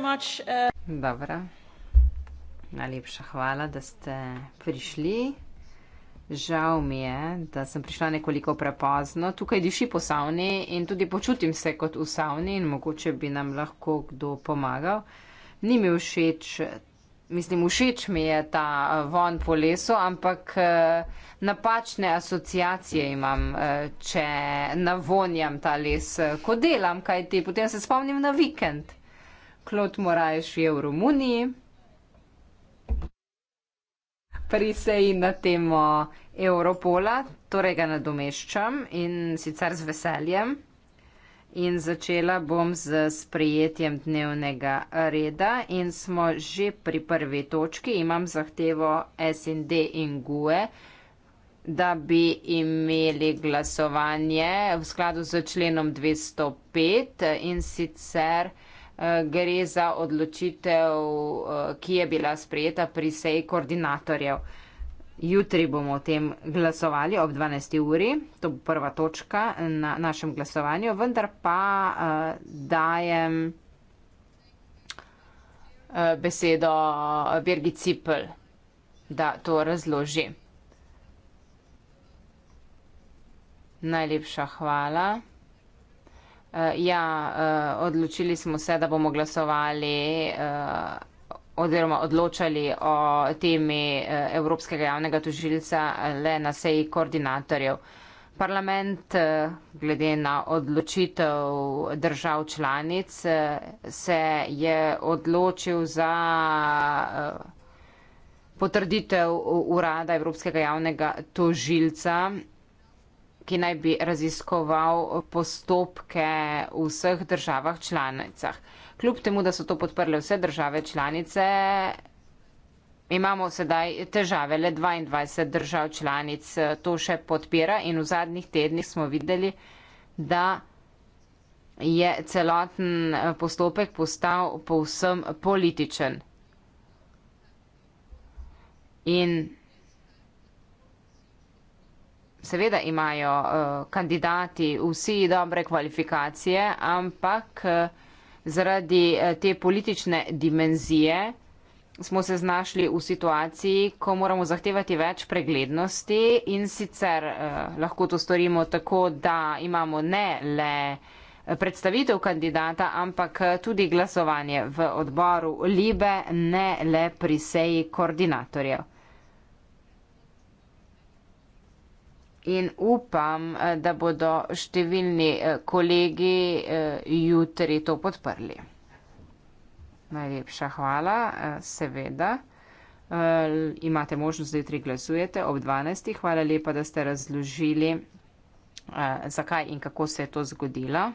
much. Uh, Dobro. Najlepša hvala, da ste prišli. Žal mi je, da sem prišla nekoliko prepozno. Tukaj diši po savni in tudi počutim se kot v savni in mogoče bi nam lahko kdo pomagal. Ni mi všeč, mislim, všeč mi je ta uh, von po lesu, ampak uh, napačne asociacije imam, če navonjam ta les, ko delam, kaj ti potem se spomnim na vikend. Klot Moraes je v Romuniji. Priseji na temo Europola, torej ga nadomeščam in sicer z veseljem. In začela bom z sprejetjem dnevnega reda in smo že pri prvi točki. Imam zahtevo SND in GUE, da bi imeli glasovanje v skladu z členom 205 in sicer Eh, gre za odločitev, eh, ki je bila sprejeta pri seji koordinatorjev. Jutri bomo o tem glasovali ob 12. uri, to bo prva točka na našem glasovanju, vendar pa eh, dajem besedo Birgit Cipel, da to razloži. Najlepša hvala. Uh, ja, uh, odločili smo se, da bomo glasovali uh, oziroma odločali o temi uh, Evropskega javnega tožilca le na seji koordinatorjev. Parlament, glede na odločitev držav članic, se je odločil za potrditev urada Evropskega javnega tožilca ki naj bi raziskoval postopke v vseh državah članicah. Kljub temu, da so to podprle vse države članice, imamo sedaj težave. Le 22 držav članic eh, to še podpira in v zadnjih tednih smo videli, da je celoten eh, postopek postal povsem političen. In seveda imajo uh, kandidati vsi dobre kvalifikacije, ampak uh, zaradi uh, te politične dimenzije smo se znašli v situaciji, ko moramo zahtevati več preglednosti in sicer uh, lahko to storimo tako, da imamo ne le predstavitev kandidata, ampak tudi glasovanje v odboru Libe, ne le pri seji koordinatorjev. In upam, eh, da bodo številni eh, kolegi eh, jutri to podprli. Najlepša hvala, seveda. Imate možnost, da jutri glasujete ob 12. Hvala lepa, da ste razložili, zakaj in kako se je to zgodilo.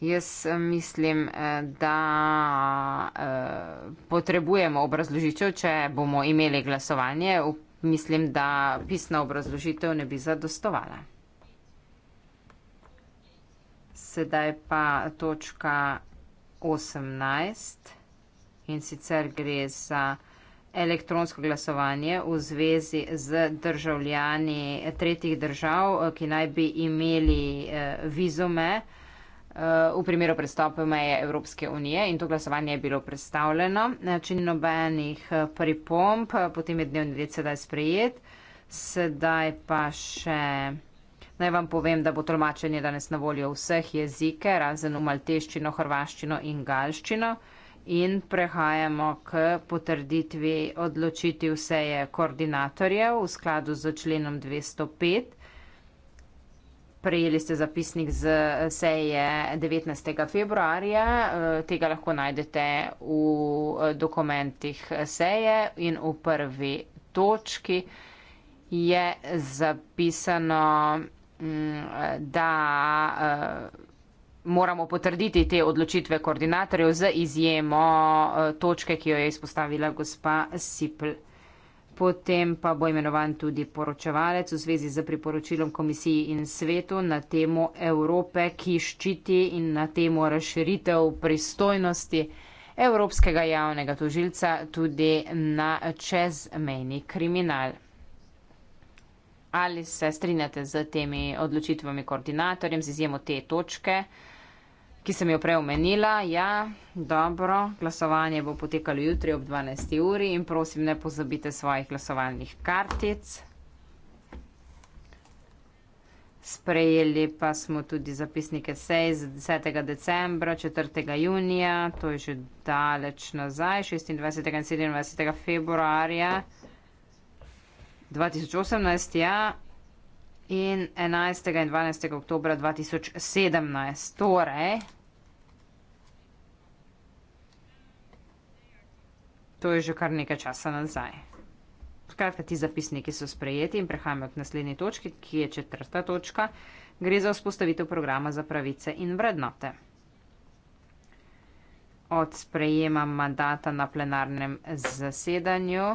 Jaz mislim, eh, da eh, potrebujemo obrazložitev, če bomo imeli glasovanje. Mislim, da pisna obrazložitev ne bi zadostovala. Sedaj pa točka 18 in sicer gre za elektronsko glasovanje v zvezi z državljani tretjih držav, eh, ki naj bi imeli vizume. Eh, v primeru prestopa meje Evropske unije in to glasovanje je bilo predstavljeno. Če ni nobenih eh, pripomp, eh, potem je dnevni red sedaj sprejet. Sedaj pa še naj vam povem, da bo tolmačenje danes na voljo vseh jezike, razen v malteščino, hrvaščino in galščino. In prehajamo k potrditvi odločitev vseje koordinatorjev v skladu z členom 205. Prejeli ste zapisnik z eh, seje 19. februarja, eh, tega lahko najdete v eh, dokumentih seje in v prvi točki je zapisano, mm, da moramo potrditi te odločitve koordinatorjev z izjemo točke, ki jo je izpostavila gospa Sipl potem pa bo imenovan tudi poročevalec v zvezi z priporočilom komisiji in svetu na temo Evrope, ki ščiti in na temo razširitev pristojnosti Evropskega javnega tožilca tudi na čezmejni kriminal. Ali se strinjate z temi odločitvami koordinatorjem, z izjemo te točke? ki sem jo prej omenila. Ja, dobro, glasovanje bo potekalo jutri ob 12. uri in prosim, ne pozabite svojih glasovalnih kartic. Sprejeli pa smo tudi zapisnike sej z 10. decembra, 4. junija, to je že daleč nazaj, 26. in 27. februarja 2018. Ja in 11. in 12. oktober 2017. Torej, to je že kar nekaj časa nazaj. Skratka, ti zapisniki so sprejeti in prehajamo k naslednji točki, ki je četrta točka. Gre za vzpostavitev programa za pravice in vrednote. Od sprejema mandata na plenarnem zasedanju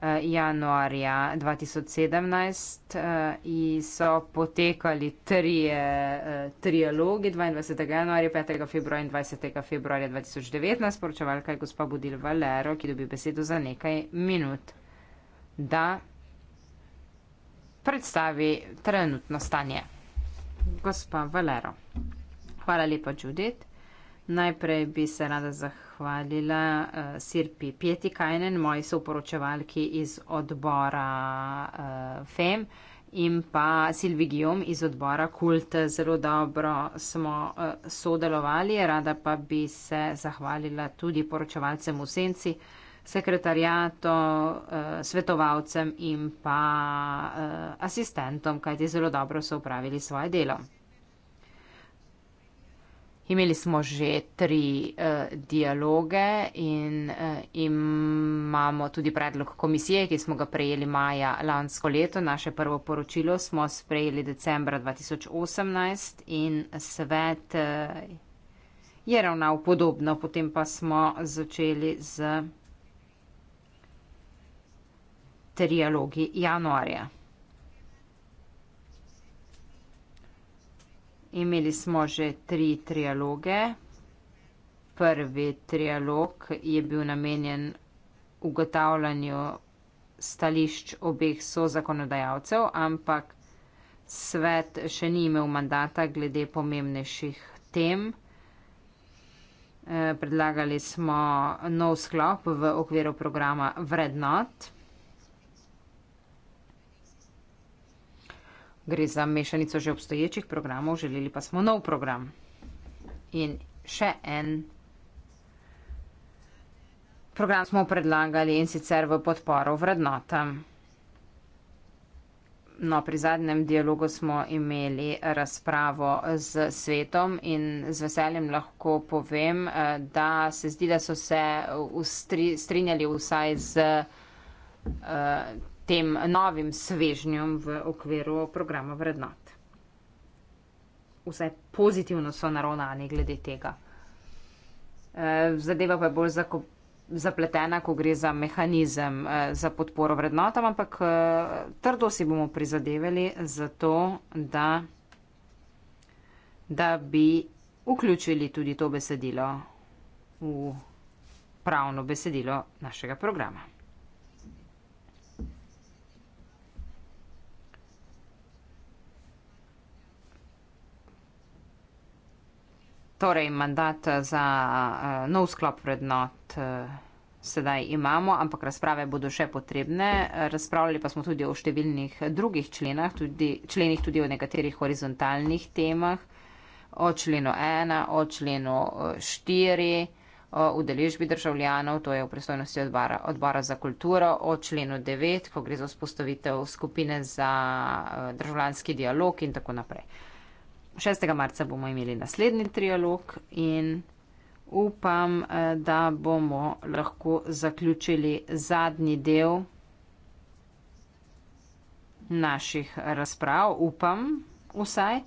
Eh, januarja 2017 eh, in so potekali trije eh, trialogi 22. januarja, 5. februarja in 20. februarja 2019. Poročevalka je gospa Budil Valero, ki dobi besedo za nekaj minut, da predstavi trenutno stanje. Gospa Valero. Hvala lepa, Judith. Najprej bi se rada zahvalila zahvalila uh, Sirpi Pietikajnen, moji soporočevalki iz odbora uh, FEM in pa Silvi Gijom iz odbora KULT. Zelo dobro smo uh, sodelovali, rada pa bi se zahvalila tudi poročevalcem v Senci, sekretarjato, uh, svetovalcem in pa uh, asistentom, kajti zelo dobro so upravili svoje delo. Imeli smo že tri uh, dialoge in uh, imamo tudi predlog komisije, ki smo ga prejeli maja lansko leto. Naše prvo poročilo smo sprejeli decembra 2018 in svet uh, je ravnal podobno. Potem pa smo začeli z trialogi januarja. Imeli smo že tri trialoge. Prvi trialog je bil namenjen ugotavljanju stališč obeh sozakonodajalcev, ampak svet še ni imel mandata glede pomembnejših tem. Eh, predlagali smo nov sklop v okviru programa vrednot. gre za mešanico že obstoječih programov, želeli pa smo nov program. In še en program smo predlagali in sicer v podporo vrednotam. No, pri zadnjem dialogu smo imeli razpravo z svetom in z veseljem lahko povem, eh, da se zdi, da so se ustri, strinjali vsaj z uh, tem novim svežnjem v okviru programa vrednot. Vse pozitivno so naravnani glede tega. E, zadeva pa je bolj zapletena, ko gre za mehanizem e, za podporo vrednotam, ampak e, trdo si bomo prizadevali za to, da, da bi vključili tudi to besedilo v pravno besedilo našega programa. torej mandat eh, za eh, nov sklop vrednot eh, sedaj imamo, ampak razprave bodo še potrebne. Razpravljali pa smo tudi o številnih drugih členah, tudi, členih tudi o nekaterih horizontalnih temah, o členu 1, o členu 4, o udeležbi državljanov, to je v pristojnosti odbora, odbora za kulturo, o členu 9, ko gre za vzpostavitev skupine za državljanski dialog in tako naprej. 6. marca bomo imeli naslednji trialog in upam, eh, da bomo lahko zaključili zadnji del naših razprav. Upam vsaj.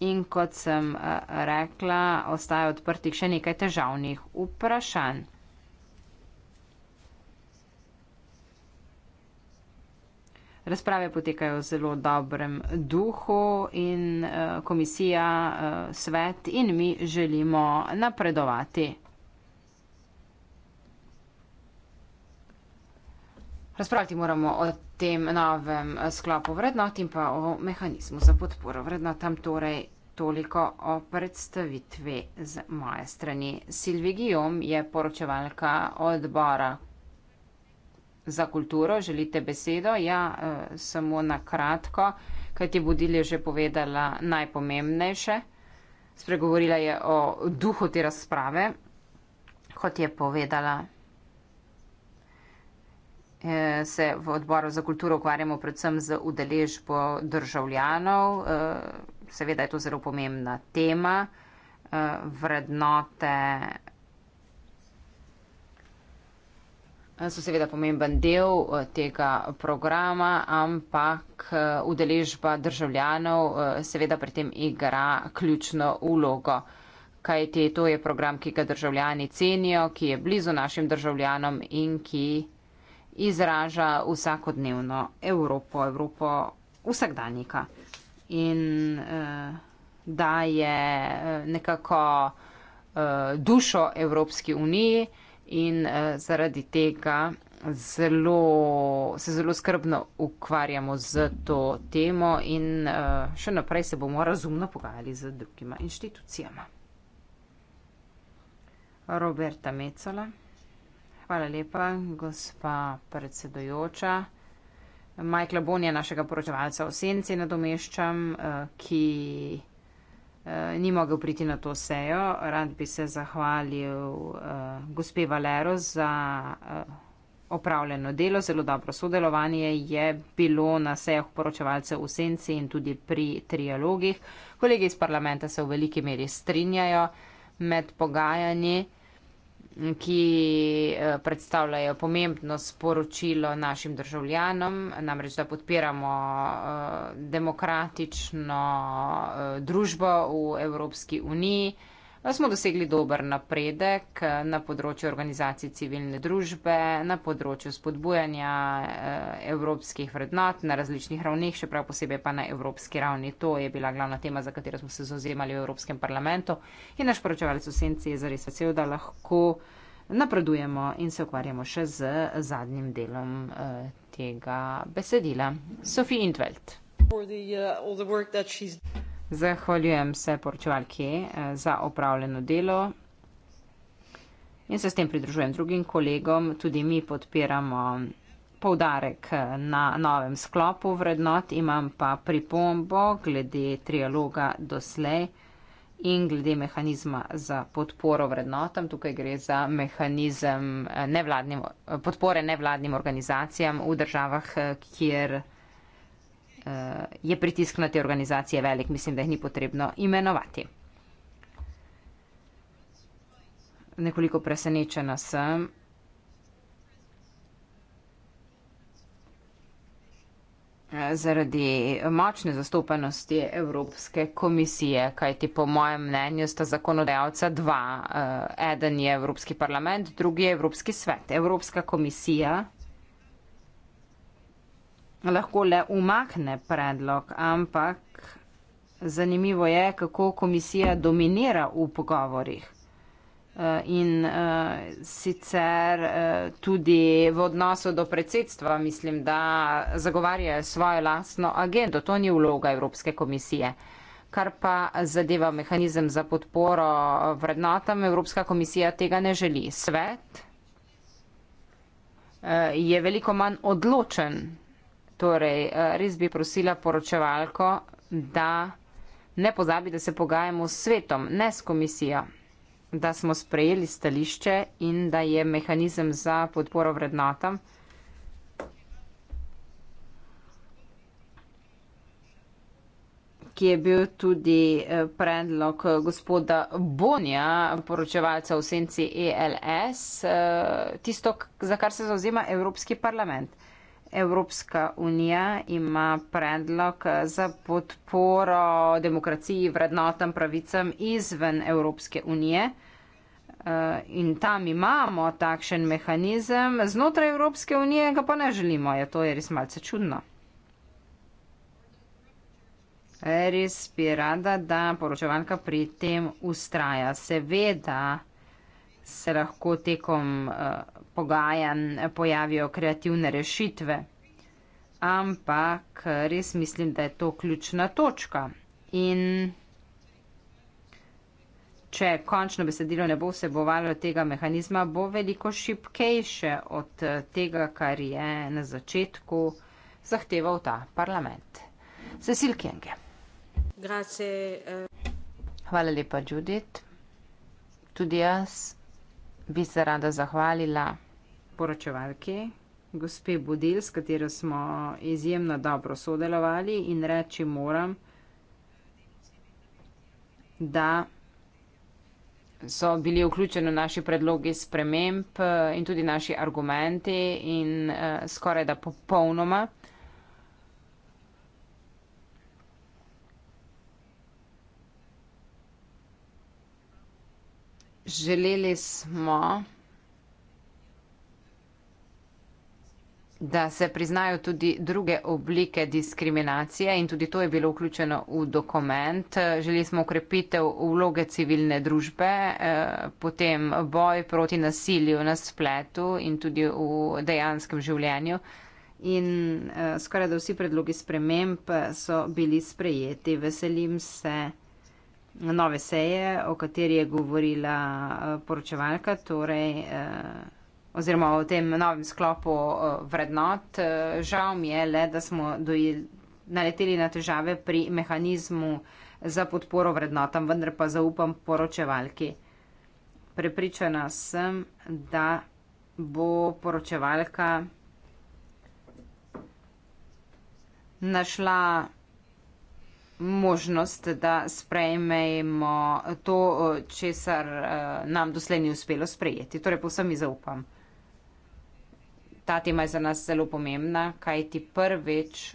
In kot sem eh, rekla, ostaje odprtih še nekaj težavnih vprašanj. Razprave potekajo v zelo dobrem duhu in eh, komisija, eh, svet in mi želimo napredovati. Razpravljati moramo o tem novem eh, sklopu vrednot in pa o mehanizmu za podporo vrednotam. Torej toliko o predstavitvi z moje strani. Silvi Gijom je poročevalka odbora za kulturo. Želite besedo? Ja, eh, samo na kratko, kaj ti Budil je že povedala najpomembnejše. Spregovorila je o duhu te razprave, kot je povedala. Eh, se v odboru za kulturo ukvarjamo predvsem z udeležbo državljanov. Eh, seveda je to zelo pomembna tema. Vrednote so seveda pomemben del eh, tega programa, ampak eh, udeležba državljanov eh, seveda pri tem igra ključno ulogo. Kaj ti to je program, ki ga državljani cenijo, ki je blizu našim državljanom in ki izraža vsakodnevno Evropo, Evropo vsakdanjika. In da je nekako dušo Evropski uniji in uh, zaradi tega zelo, se zelo skrbno ukvarjamo z to temo in uh, še naprej se bomo razumno pogajali z drugima inštitucijama. Roberta Mecola. Hvala lepa, gospa predsedojoča. Majkla Bonja, našega poročevalca v Senci, nadomeščam, eh, ki Eh, ni mogel priti na to sejo. Rad bi se zahvalil uh, gospe Valero za uh, opravljeno delo, zelo dobro sodelovanje je bilo na sejah poročevalcev v senci in tudi pri trialogih. Kolegi iz parlamenta se v veliki meri strinjajo med pogajanji ki eh, predstavljajo pomembno sporočilo našim državljanom, namreč da podpiramo eh, demokratično eh, družbo v Evropski uniji smo dosegli dober napredek eh, na področju organizacij civilne družbe, na področju spodbujanja eh, evropskih vrednot na različnih ravneh, še prav posebej pa na evropski ravni. To je bila glavna tema, za katero smo se zauzemali v Evropskem parlamentu in naš poročevalec v senci je zares vesel, da lahko napredujemo in se ukvarjamo še z zadnjim delom eh, tega besedila. Sofi Intveld. Zahvaljujem se poročevalki eh, za opravljeno delo in se s tem pridružujem drugim kolegom. Tudi mi podpiramo poudarek eh, na novem sklopu vrednot, imam pa pripombo glede trialoga doslej in glede mehanizma za podporo vrednotam. Tukaj gre za mehanizem eh, nevladnim, podpore nevladnim organizacijam v državah, kjer. Eh, je pritisk na te organizacije velik, mislim, da jih ni potrebno imenovati. Nekoliko presenečena sem. Eh, zaradi močne zastopenosti Evropske komisije, kaj ti po mojem mnenju sta zakonodajalca dva, eh, eden je Evropski parlament, drugi je Evropski svet. Evropska komisija lahko le umakne predlog, ampak zanimivo je, kako komisija dominira v pogovorih eh, in eh, sicer eh, tudi v odnosu do predsedstva, mislim, da zagovarjajo svojo lastno agendo. To ni vloga Evropske komisije. Kar pa zadeva mehanizem za podporo vrednotam, Evropska komisija tega ne želi. Svet je veliko manj odločen Torej, eh, res bi prosila poročevalko, da ne pozabi, da se pogajamo s svetom, ne s komisijo, da smo sprejeli stališče in da je mehanizem za podporo vrednotam. ki je bil tudi eh, predlog eh, gospoda Bonja, poročevalca v senci ELS, tisto, za kar se zauzema Evropski parlament. Evropska unija ima predlog za podporo demokraciji, vrednotam, pravicam izven Evropske unije. Eh, in tam imamo takšen mehanizem, znotraj Evropske unije ga pa ne želimo. Ja, to je res malce čudno. Res bi rada, da poročevalka pri tem ustraja. Seveda se lahko tekom eh, pogajanj pojavijo kreativne rešitve, ampak eh, res mislim, da je to ključna točka. In če končno besedilo ne bo vsebovalo tega mehanizma, bo veliko šipkejše od eh, tega, kar je na začetku zahteval ta parlament. Cecil Kenge. Hvala lepa, Judith. Tudi jaz bi se rada zahvalila poročevalki, gospe Budil, s katero smo izjemno dobro sodelovali in reči moram, da so bili vključeni naši predlogi sprememb eh, in tudi naši argumenti in eh, skoraj da popolnoma. Želeli smo, da se priznajo tudi druge oblike diskriminacije in tudi to je bilo vključeno v dokument. Želeli smo ukrepitev vloge civilne družbe, eh, potem boj proti nasilju na spletu in tudi v dejanskem življenju. In eh, skoraj da vsi predlogi sprememb eh, so bili sprejeti. Veselim se nove seje, o kateri je govorila eh, poročevalka, torej, eh, oziroma o tem novem sklopu eh, vrednot. Žal mi je le, da smo dojeli, naleteli na težave pri mehanizmu za podporo vrednotam, vendar pa zaupam poročevalki. Prepričana sem, da bo poročevalka našla možnost, da sprejmejmo to, česar eh, nam doslej ni uspelo sprejeti. Torej, povsem izaupam. Ta tema je za nas zelo pomembna, kaj ti prvič.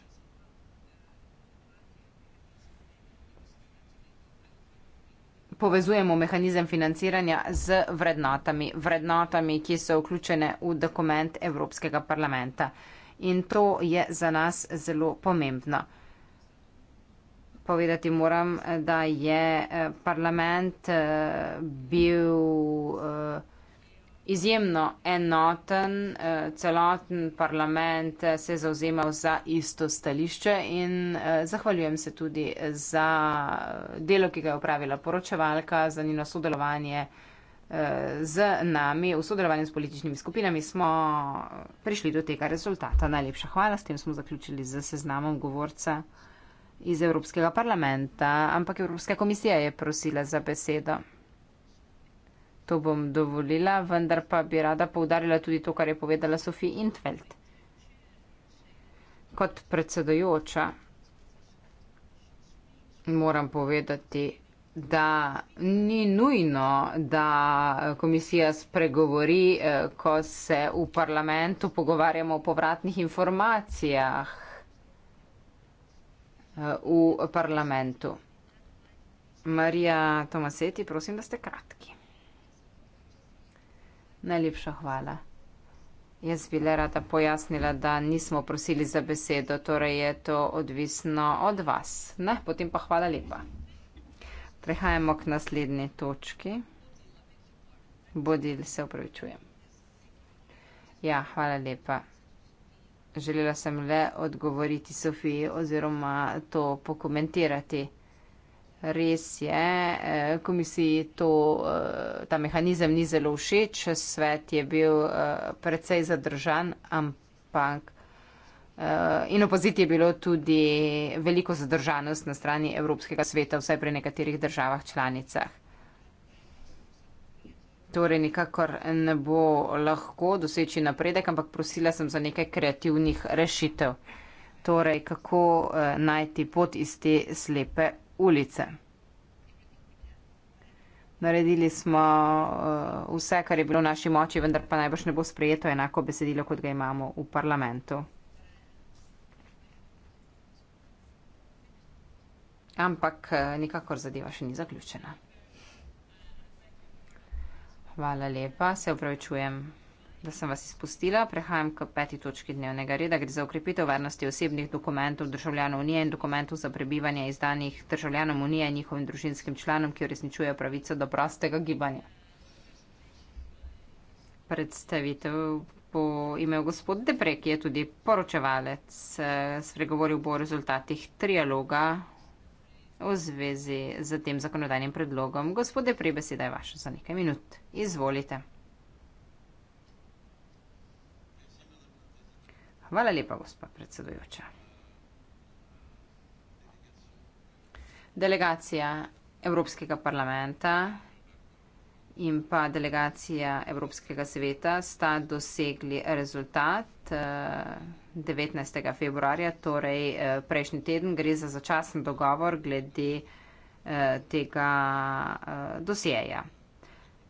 Povezujemo mehanizem financiranja z vrednotami, vrednotami, ki so vključene v dokument Evropskega parlamenta. In to je za nas zelo pomembno povedati moram, da je eh, parlament eh, bil eh, izjemno enoten, celoten parlament se je zauzemal za isto stališče in zahvaljujem se tudi za delo, ki ga je upravila poročevalka, za njeno sodelovanje z nami. V sodelovanju s političnimi skupinami smo prišli do tega rezultata. Najlepša hvala, s tem smo zaključili z seznamom govorca iz Evropskega parlamenta, ampak Evropska komisija je prosila za besedo. To bom dovolila, vendar pa bi rada poudarila tudi to, kar je povedala Sofija Intfeld. Kot predsedojoča moram povedati, da ni nujno, da komisija spregovori, eh, ko se v parlamentu pogovarjamo o povratnih informacijah v parlamentu. Marija Tomaseti, prosim, da ste kratki. Najlepša hvala. Jaz bi le rada pojasnila, da nismo prosili za besedo, torej je to odvisno od vas. Ne, potem pa hvala lepa. Prehajamo k naslednji točki. Bodil se upravičujem. Ja, hvala lepa. Želela sem le odgovoriti Sofiji oziroma to pokomentirati. Res je, eh, komisiji to, eh, ta mehanizem ni zelo všeč, svet je bil eh, precej zadržan, ampak in opaziti je bilo tudi veliko zadržanost na strani Evropskega sveta, vsaj pri nekaterih državah članicah. Torej, nikakor ne bo lahko doseči napredek, ampak prosila sem za nekaj kreativnih rešitev. Torej, kako eh, najti pot iz te slepe ulice. Naredili smo eh, vse, kar je bilo v naši moči, vendar pa najbrž ne bo sprejeto enako besedilo, kot ga imamo v parlamentu. Ampak eh, nikakor zadeva še ni zaključena. Hvala lepa, se upravičujem, da sem vas izpustila. Prehajam k peti točki dnevnega reda, gre za ukrepitev varnosti osebnih dokumentov državljanov Unije in dokumentov za prebivanje izdanih državljanom Unije in njihovim družinskim članom, ki uresničujejo pravico do prostega gibanja. Predstavitev bo imel gospod Deprek, ki je tudi poročevalec, eh, spregovoril bo o rezultatih trialoga v zvezi z tem zakonodajnim predlogom. Gospode, prej beseda je vaša za nekaj minut. Izvolite. Hvala lepa, gospa predsedujoča. Delegacija Evropskega parlamenta in pa delegacija Evropskega sveta sta dosegli rezultat 19. Eh, februarja, torej eh, prejšnji teden gre za začasen dogovor glede eh, tega dosjeja.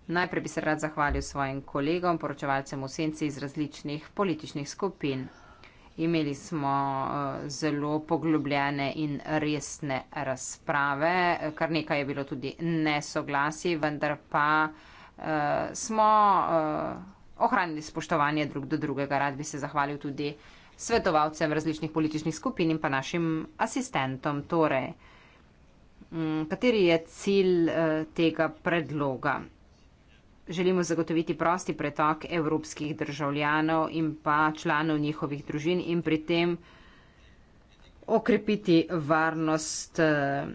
Najprej bi se rad zahvalil svojim kolegom, poročevalcem v senci iz različnih političnih skupin. Imeli smo eh, zelo poglobljene in resne razprave, kar nekaj je bilo tudi nesoglasi, vendar pa uh, smo uh, ohranili spoštovanje drug do drugega. Rad bi se zahvalil tudi svetovalcem različnih političnih skupin in pa našim asistentom. Torej, um, kateri je cilj uh, tega predloga? želimo zagotoviti prosti pretok evropskih državljanov in pa članov njihovih družin in pri tem okrepiti varnost eh,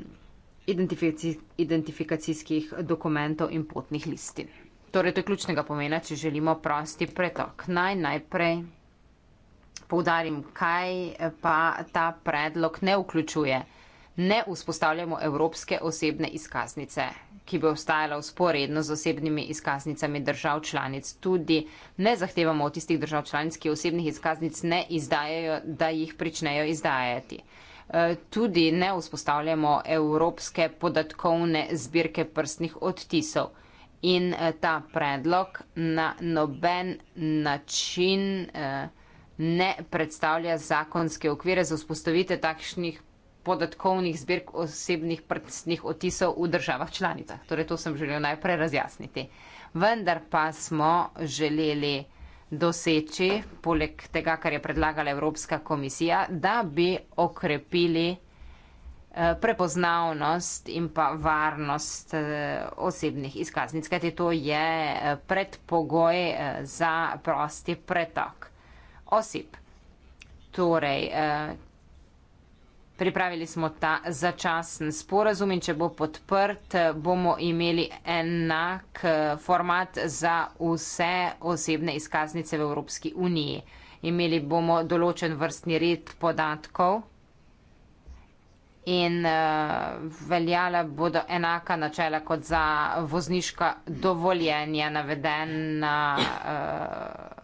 identifici, identifikacijskih dokumentov in potnih listin. Torej, to je ključnega pomena, če želimo prosti pretok. Naj najprej poudarim, kaj pa ta predlog ne vključuje. Ne vzpostavljamo evropske osebne izkaznice ki bo ostajala usporedno z osebnimi izkaznicami držav članic. Tudi ne zahtevamo od tistih držav članic, ki osebnih izkaznic ne izdajajo, da jih pričnejo izdajati. E, tudi ne vzpostavljamo evropske podatkovne zbirke prstnih odtisov. In e, ta predlog na noben način e, ne predstavlja zakonske okvire za vzpostavitev takšnih podatkovnih zbirk osebnih prstnih otisov v državah članicah. Torej, to sem želel najprej razjasniti. Vendar pa smo želeli doseči, poleg tega, kar je predlagala Evropska komisija, da bi okrepili eh, prepoznavnost in pa varnost eh, osebnih izkaznic, kajti to je eh, predpogoj za prosti pretok oseb. Torej, Pripravili smo ta začasen sporazum in če bo podprt, bomo imeli enak eh, format za vse osebne izkaznice v Evropski uniji. Imeli bomo določen vrstni red podatkov in eh, veljala bodo enaka načela kot za vozniška dovoljenja navedena. Uh,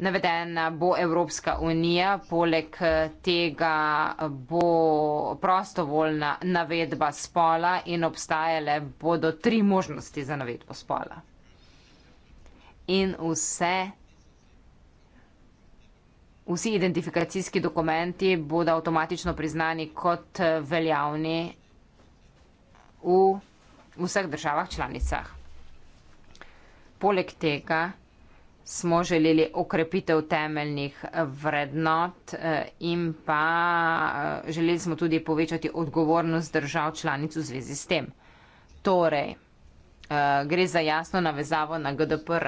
Navedena bo Evropska unija, poleg eh, tega bo prostovoljna navedba spola in obstajale bodo tri možnosti za navedbo spola. In vse, vsi identifikacijski dokumenti bodo avtomatično priznani kot eh, veljavni v vseh državah članicah. Poleg tega, smo želeli okrepitev temeljnih eh, vrednot eh, in pa eh, želeli smo tudi povečati odgovornost držav članic v zvezi s tem. Torej, gre za jasno navezavo na GDPR.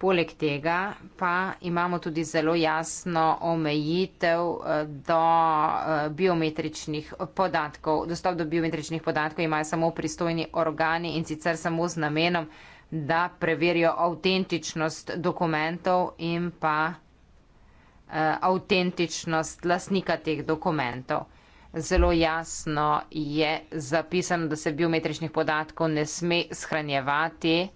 Poleg tega pa imamo tudi zelo jasno omejitev do biometričnih podatkov. Dostop do biometričnih podatkov imajo samo pristojni organi in sicer samo z namenom, da preverijo avtentičnost dokumentov in pa eh, avtentičnost lasnika teh dokumentov. Zelo jasno je zapisano, da se biometričnih podatkov ne sme shranjevati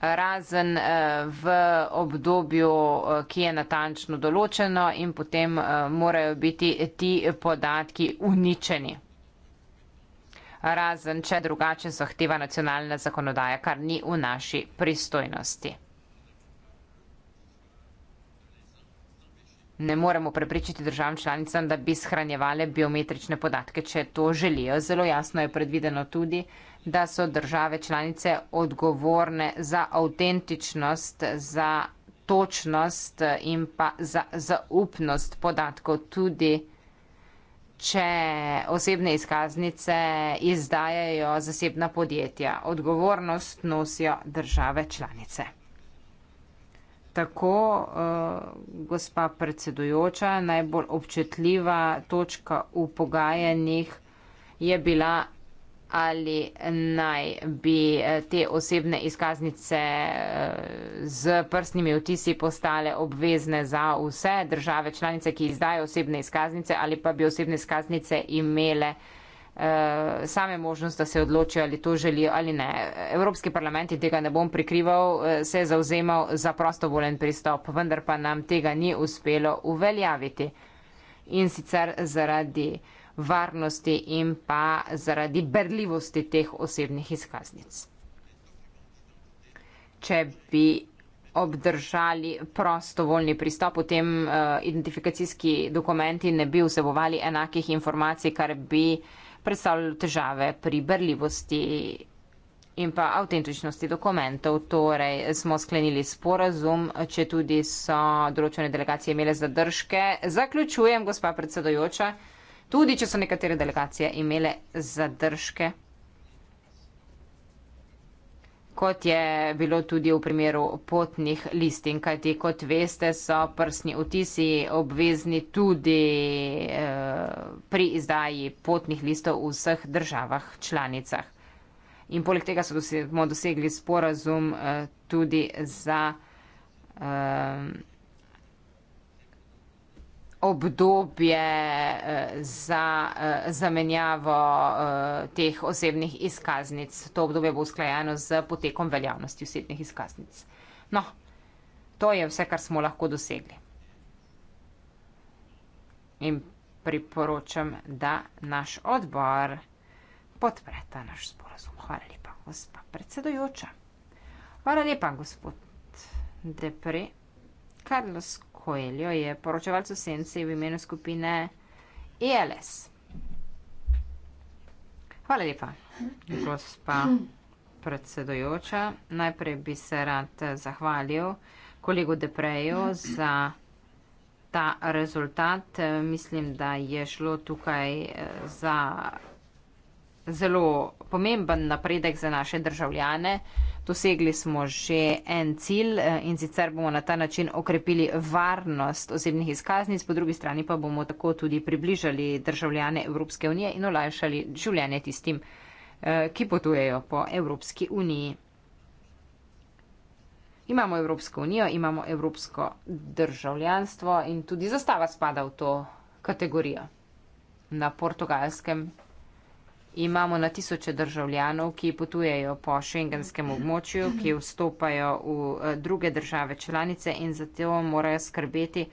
razen eh, v obdobju, eh, ki je natančno določeno in potem morajo biti ti podatki uničeni razen če drugače zahteva nacionalna zakonodaja, kar ni v naši pristojnosti. Ne moremo prepričati državam članicam, da bi shranjevale biometrične podatke, če to želijo. Zelo jasno je predvideno tudi, da so države članice odgovorne za avtentičnost, za točnost in pa za zaupnost podatkov tudi državam če osebne izkaznice izdajajo zasebna podjetja. Odgovornost nosijo države članice. Tako, eh, gospa predsedujoča, najbolj občutljiva točka v pogajanjih je bila ali naj bi eh, te osebne izkaznice eh, z prstnimi vtisi postale obvezne za vse države članice, ki izdajo osebne izkaznice, ali pa bi osebne izkaznice imele eh, same možnost, da se odločijo, ali to želijo ali ne. Evropski parlament, in tega ne bom prikrival, se je zauzemal za prostovolen pristop, vendar pa nam tega ni uspelo uveljaviti. In sicer zaradi varnosti in pa zaradi berljivosti teh osebnih izkaznic. Če bi obdržali prostovoljni pristop, potem uh, identifikacijski dokumenti ne bi vsebovali enakih informacij, kar bi predstavljalo težave pri berljivosti in pa avtentičnosti dokumentov. Torej smo sklenili sporazum, če tudi so določene delegacije imele zadržke. Zaključujem, gospa predsedojoča tudi če so nekatere delegacije imele zadržke, kot je bilo tudi v primeru potnih listin, kajti kot veste, so prsni vtisi obvezni tudi eh, pri izdaji potnih listov v vseh državah članicah. In poleg tega smo dosegli sporazum eh, tudi za. Eh, obdobje eh, za eh, zamenjavo eh, teh osebnih izkaznic. To obdobje bo usklajeno z potekom veljavnosti osebnih izkaznic. No, to je vse, kar smo lahko dosegli. In priporočam, da naš odbor podpre ta naš sporozum. Hvala lepa, gospa predsedujoča. Hvala lepa, gospod Depre Karlosko. Coelho je poročevalcu Sensi v imenu skupine ELS. Hvala lepa, gospa predsedojoča. Najprej bi se rad zahvalil kolegu Depreju za ta rezultat. Mislim, da je šlo tukaj eh, za zelo pomemben napredek za naše državljane. Dosegli smo že en cilj eh, in sicer bomo na ta način okrepili varnost osebnih izkaznic, po drugi strani pa bomo tako tudi približali državljane Evropske unije in olajšali življenje tistim, eh, ki potujejo po Evropski uniji. Imamo Evropsko unijo, imamo evropsko državljanstvo in tudi zastava spada v to kategorijo. Na portugalskem Imamo na tisoče državljanov, ki potujejo po šengenskem območju, ki vstopajo v eh, druge države članice in zato morajo skrbeti,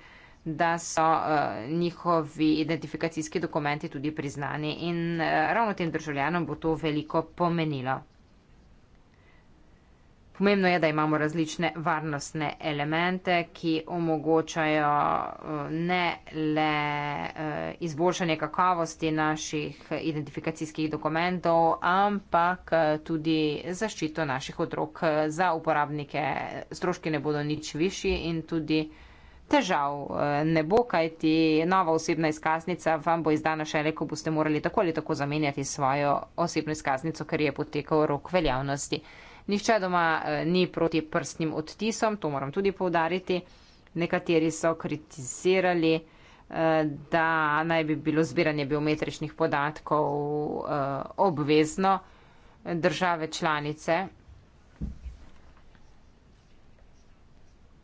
da so eh, njihovi identifikacijski dokumenti tudi priznani. In eh, ravno tem državljanom bo to veliko pomenilo. Pomembno je, da imamo različne varnostne elemente, ki omogočajo eh, ne le eh, izboljšanje kakovosti naših identifikacijskih dokumentov, ampak eh, tudi zaščito naših otrok. Za uporabnike stroški ne bodo nič višji in tudi težav ne bo, kajti nova osebna izkaznica vam bo izdana še reko, boste morali tako ali tako zamenjati svojo osebno izkaznico, ker je potekal rok veljavnosti. Nihče doma eh, ni proti prstnim odtisom, to moram tudi povdariti. Nekateri so kritizirali, eh, da naj bi bilo zbiranje biometričnih podatkov eh, obvezno države članice.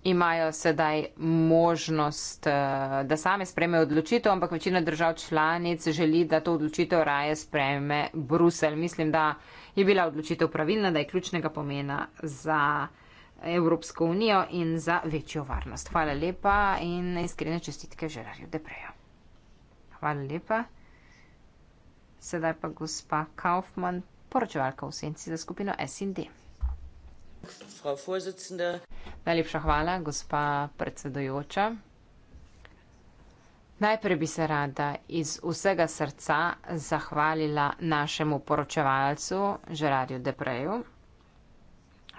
Imajo sedaj možnost, da same spreme odločitev, ampak večina držav članic želi, da to odločitev raje spreme Brusel. Mislim, da uh, je bila odločitev pravilna, da je ključnega pomena za Evropsko unijo in za večjo varnost. Hvala lepa in iskrene čestitke Žerarju Deprejo. Hvala lepa. Sedaj pa gospa Kaufmann, poročevalka v senci za skupino SND. Najlepša hvala, gospa predsedojoča. Najprej bi se rada iz vsega srca zahvalila našemu poročevalcu Žeradju Depreju.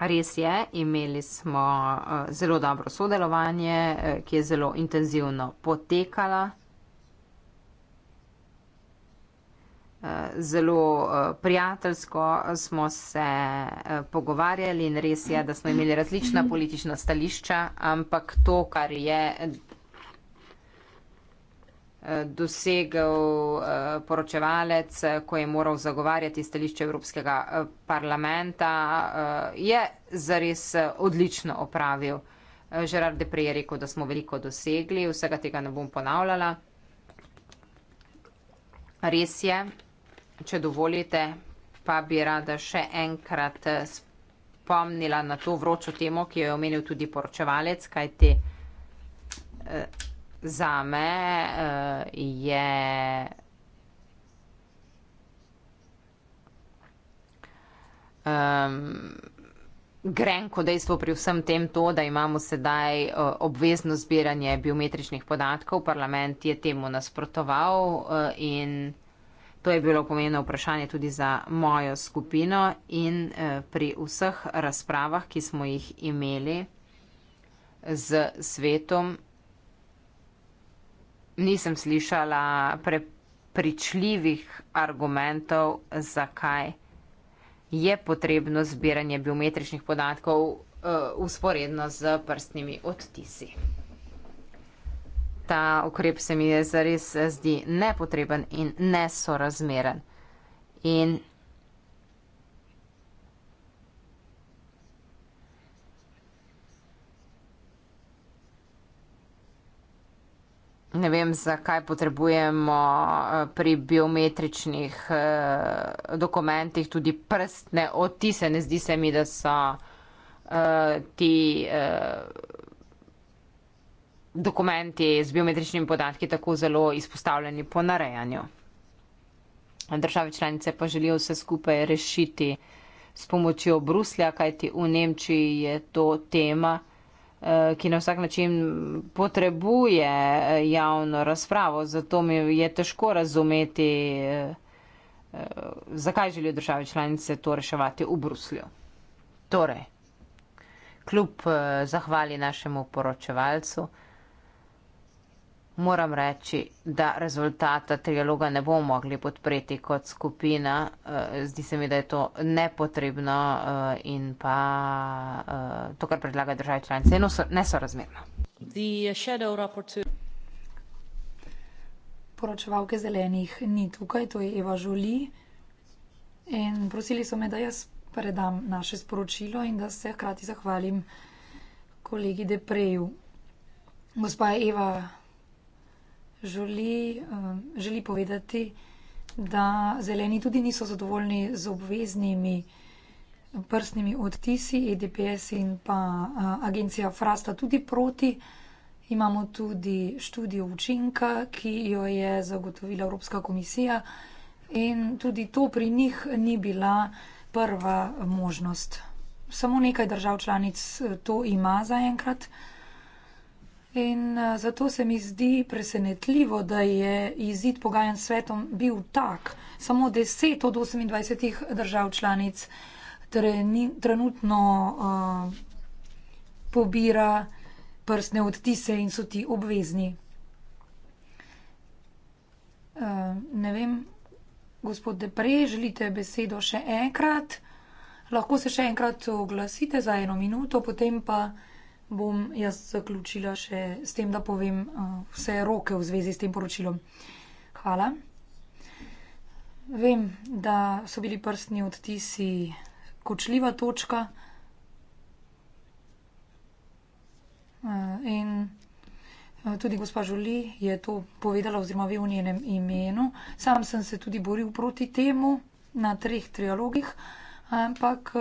Res je, imeli smo eh, zelo dobro sodelovanje, eh, ki je zelo intenzivno potekala. Eh, zelo prijateljsko smo se pogovarjali in res je, da smo imeli različna politična stališča, ampak to, kar je dosegel eh, poročevalec, eh, ko je moral zagovarjati stališče Evropskega eh, parlamenta, je zares odlično opravil. Žerar de Prej je rekel, da smo veliko dosegli, vsega tega ne bom ponavljala. Res je, če dovolite, pa bi rada še enkrat spomnila na to vročo temo, ki jo je omenil tudi poročevalec, kaj te. Eh, za me uh, eh, je um, grenko dejstvo pri vsem tem to, da imamo sedaj uh, obvezno zbiranje biometričnih podatkov. Parlament je temu nasprotoval uh, in to je bilo pomembno vprašanje tudi za mojo skupino in uh, pri vseh razpravah, ki smo jih imeli z svetom nisem slišala prepričljivih argumentov, zakaj je potrebno zbiranje biometričnih podatkov uh, eh, usporedno z prstnimi odtisi. Ta ukrep se mi je zares zdi nepotreben in nesorazmeren. In ne vem, zakaj potrebujemo eh, pri biometričnih eh, dokumentih tudi prstne otise. Ne zdi se mi, da so eh, ti dokumenti z biometričnimi podatki tako zelo izpostavljeni po narejanju. Države članice pa želijo vse skupaj rešiti s pomočjo Bruslja, kajti v Nemčiji je to tema. Eh, ki na vsak način potrebuje eh, javno razpravo, zato mi je težko razumeti, eh, zakaj želijo države članice to reševati v Bruslju. Torej, kljub zahvali našemu poročevalcu, Moram reči, da rezultata trialoga ne bomo mogli podpreti kot skupina. Eh, zdi se mi, da je to nepotrebno eh, in pa eh, to, kar predlaga država članica, je nesorazmerno. Poročevalke zelenih ni tukaj, to je Eva Žuli. In prosili so me, da jaz predam naše sporočilo in da se hkrati zahvalim kolegi Depreju. Gospa Eva želi, um, želi povedati, da zeleni tudi niso zadovoljni z obveznimi prstnimi odtisi, EDPS in pa uh, agencija Frasta tudi proti. Imamo tudi študijo učinka, ki jo je zagotovila Evropska komisija in tudi to pri njih ni bila prva možnost. Samo nekaj držav članic uh, to ima zaenkrat. In eh, zato se mi zdi presenetljivo, da je izid pogajanj s svetom bil tak. Samo 10 od 28 držav članic treni, trenutno uh, pobira prstne odtise in so ti obvezni. Uh, ne vem, gospod Depre, želite besedo še enkrat? Lahko se še enkrat oglasite za eno minuto, potem pa bom jaz zaključila še s tem, da povem uh, vse roke v zvezi s tem poročilom. Hvala. Vem, da so bili prstni odtisi kočljiva točka uh, in eh, Tudi gospa Žuli je to povedala oziroma ve v njenem imenu. Sam sem se tudi boril proti temu na treh trialogih, ampak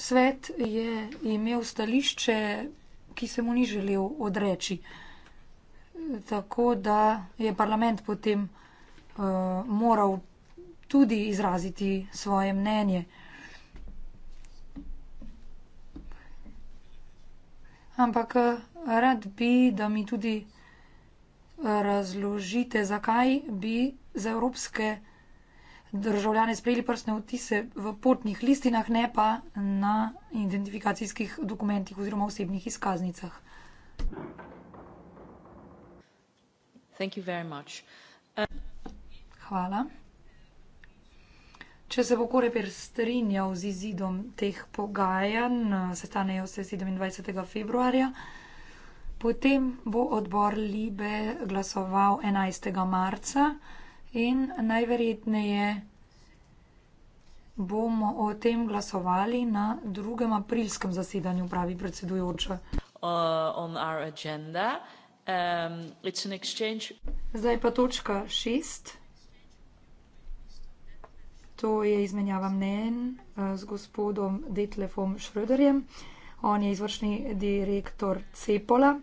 svet je imel stališče, ki se mu ni želel odreči. Tako da je parlament potem uh, moral tudi izraziti svoje mnenje. Ampak eh, rad bi, da mi tudi eh, razložite, zakaj bi za evropske državljane sprejeli prstne odtise v potnih listinah, ne pa na identifikacijskih dokumentih oziroma osebnih izkaznicah. Uh... Hvala. Če se bo Koreper strinjal z izidom teh pogajanj, sestanejo se 27. februarja, potem bo odbor Libe glasoval 11. marca. In najverjetneje bomo o tem glasovali na drugem aprilskem zasedanju, pravi predsedujoča. Um, Zdaj pa točka šest. To je izmenjava mnenj uh, z gospodom Detlefom Schröderjem. On je izvršni direktor Cepola.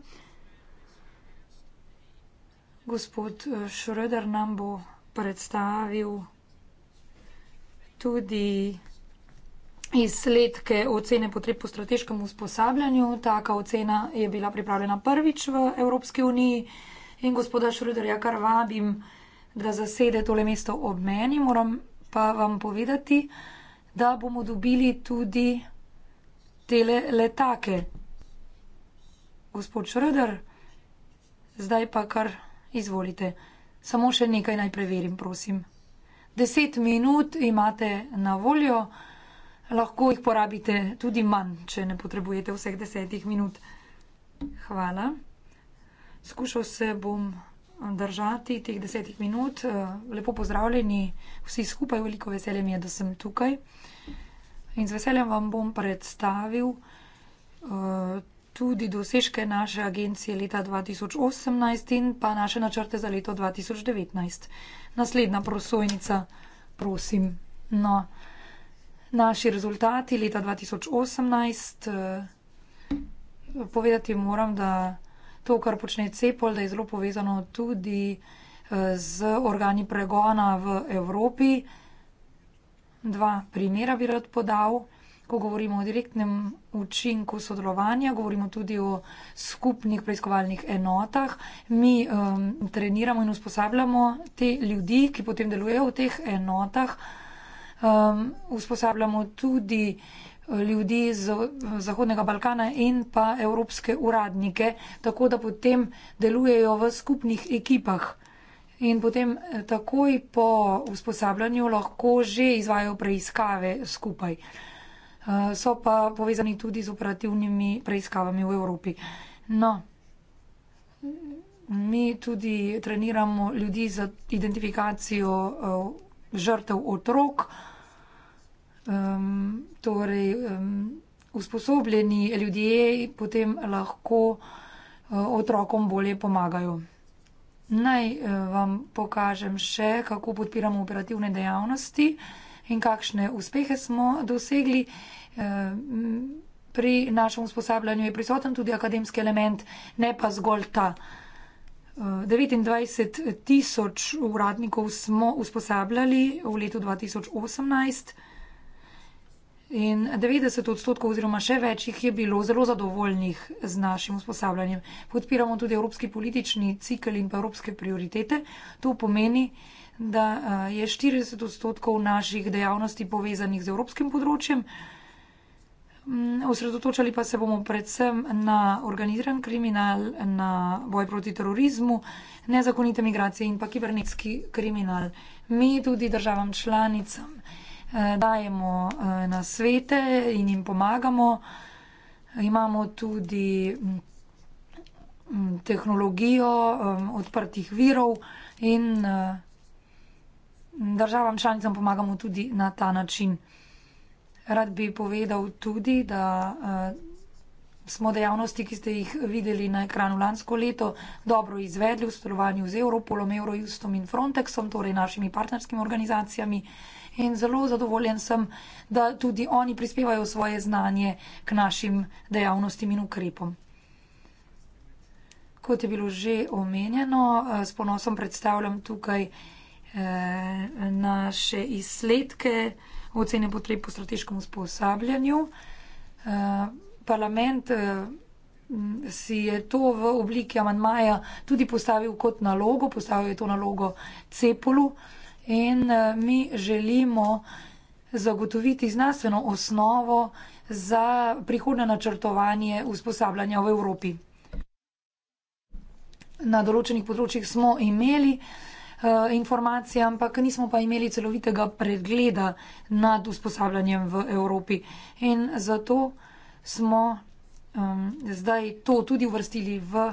Gospod uh, Schröder nam bo predstavil tudi izsledke ocene potreb po strateškem usposabljanju. Taka ocena je bila pripravljena prvič v Evropski uniji in gospoda Šruderja kar vabim, da zasede tole mesto ob meni. Moram pa vam povedati, da bomo dobili tudi tele letake. Gospod Šruder, zdaj pa kar izvolite. Samo še nekaj naj preverim, prosim. Deset minut imate na voljo, lahko jih porabite tudi manj, če ne potrebujete vseh desetih minut. Hvala. Skušal se bom držati teh desetih minut. Lepo pozdravljeni vsi skupaj, veliko veselje mi je, da sem tukaj. In z veseljem vam bom predstavil. Uh, tudi dosežke naše agencije leta 2018 in pa naše načrte za leto 2019. Naslednja prosojnica, prosim. No, naši rezultati leta 2018. Eh, povedati moram, da to, kar počne Cepol, da je zelo povezano tudi eh, z organi pregona v Evropi. Dva primera bi rad podal. Ko govorimo o direktnem učinku sodelovanja, govorimo tudi o skupnih preiskovalnih enotah. Mi um, treniramo in usposabljamo te ljudi, ki potem delujejo v teh enotah. Um, usposabljamo tudi uh, ljudi z uh, Zahodnega Balkana in pa evropske uradnike, tako da potem delujejo v skupnih ekipah. In potem eh, takoj po usposabljanju lahko že izvajo preiskave skupaj. Uh, Eh, so pa povezani tudi z operativnimi preiskavami v Evropi. No, mi tudi treniramo ljudi za identifikacijo eh, žrtev otrok, torej usposobljeni ljudje potem lahko eh, otrokom bolje pomagajo. Naj vam pokažem še, kako podpiramo operativne dejavnosti in kakšne uspehe smo dosegli. Eh, pri našem usposabljanju je prisoten tudi akademski element, ne pa zgolj ta. 29 eh, tisoč uradnikov smo usposabljali v letu 2018 in 90 odstotkov oziroma še več jih je bilo zelo zadovoljnih z našim usposabljanjem. Podpiramo tudi evropski politični cikl in pa evropske prioritete. To pomeni, da eh, je 40 odstotkov naših dejavnosti povezanih z evropskim področjem, Mm, osredotočali pa se bomo predvsem na organiziran kriminal, na boj proti terorizmu, nezakonite migracije in pa kibernetski kriminal. Mi tudi državam članicam eh, dajemo eh, na svete in jim pomagamo. Imamo tudi mm, tehnologijo eh, odprtih virov in državam članicam pomagamo tudi na ta način. Rad bi povedal tudi, da uh, smo dejavnosti, ki ste jih videli na ekranu lansko leto, dobro izvedli v sodelovanju z Europolom, Eurojustom in Frontexom, torej našimi partnerskimi organizacijami. In zelo zadovoljen sem, da tudi oni prispevajo svoje znanje k našim dejavnostim in ukrepom. Kot je bilo že omenjeno, eh, s ponosom predstavljam tukaj eh, naše izsledke ocene potreb po strateškem usposabljanju. Eh, parlament eh, si je to v obliki amantmaja tudi postavil kot nalogo, postavil je to nalogo Cepolu in eh, mi želimo zagotoviti znanstveno osnovo za prihodne načrtovanje usposabljanja v Evropi. Na določenih področjih smo imeli uh, Eh, informacije, ampak nismo pa imeli celovitega pregleda nad usposabljanjem v Evropi. In zato smo um, zdaj to tudi uvrstili v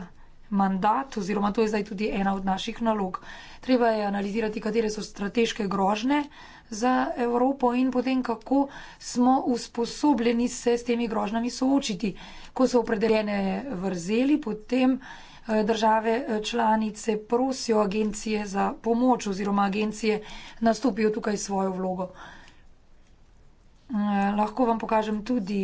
mandat, oziroma to je zdaj tudi ena od naših nalog. Treba je analizirati, katere so strateške grožne za Evropo in potem, kako smo usposobljeni se s temi grožnami soočiti. Ko so opredeljene vrzeli, potem. Eh, države eh, članice prosijo agencije za pomoč oziroma agencije nastopijo tukaj svojo vlogo. Eh, lahko vam pokažem tudi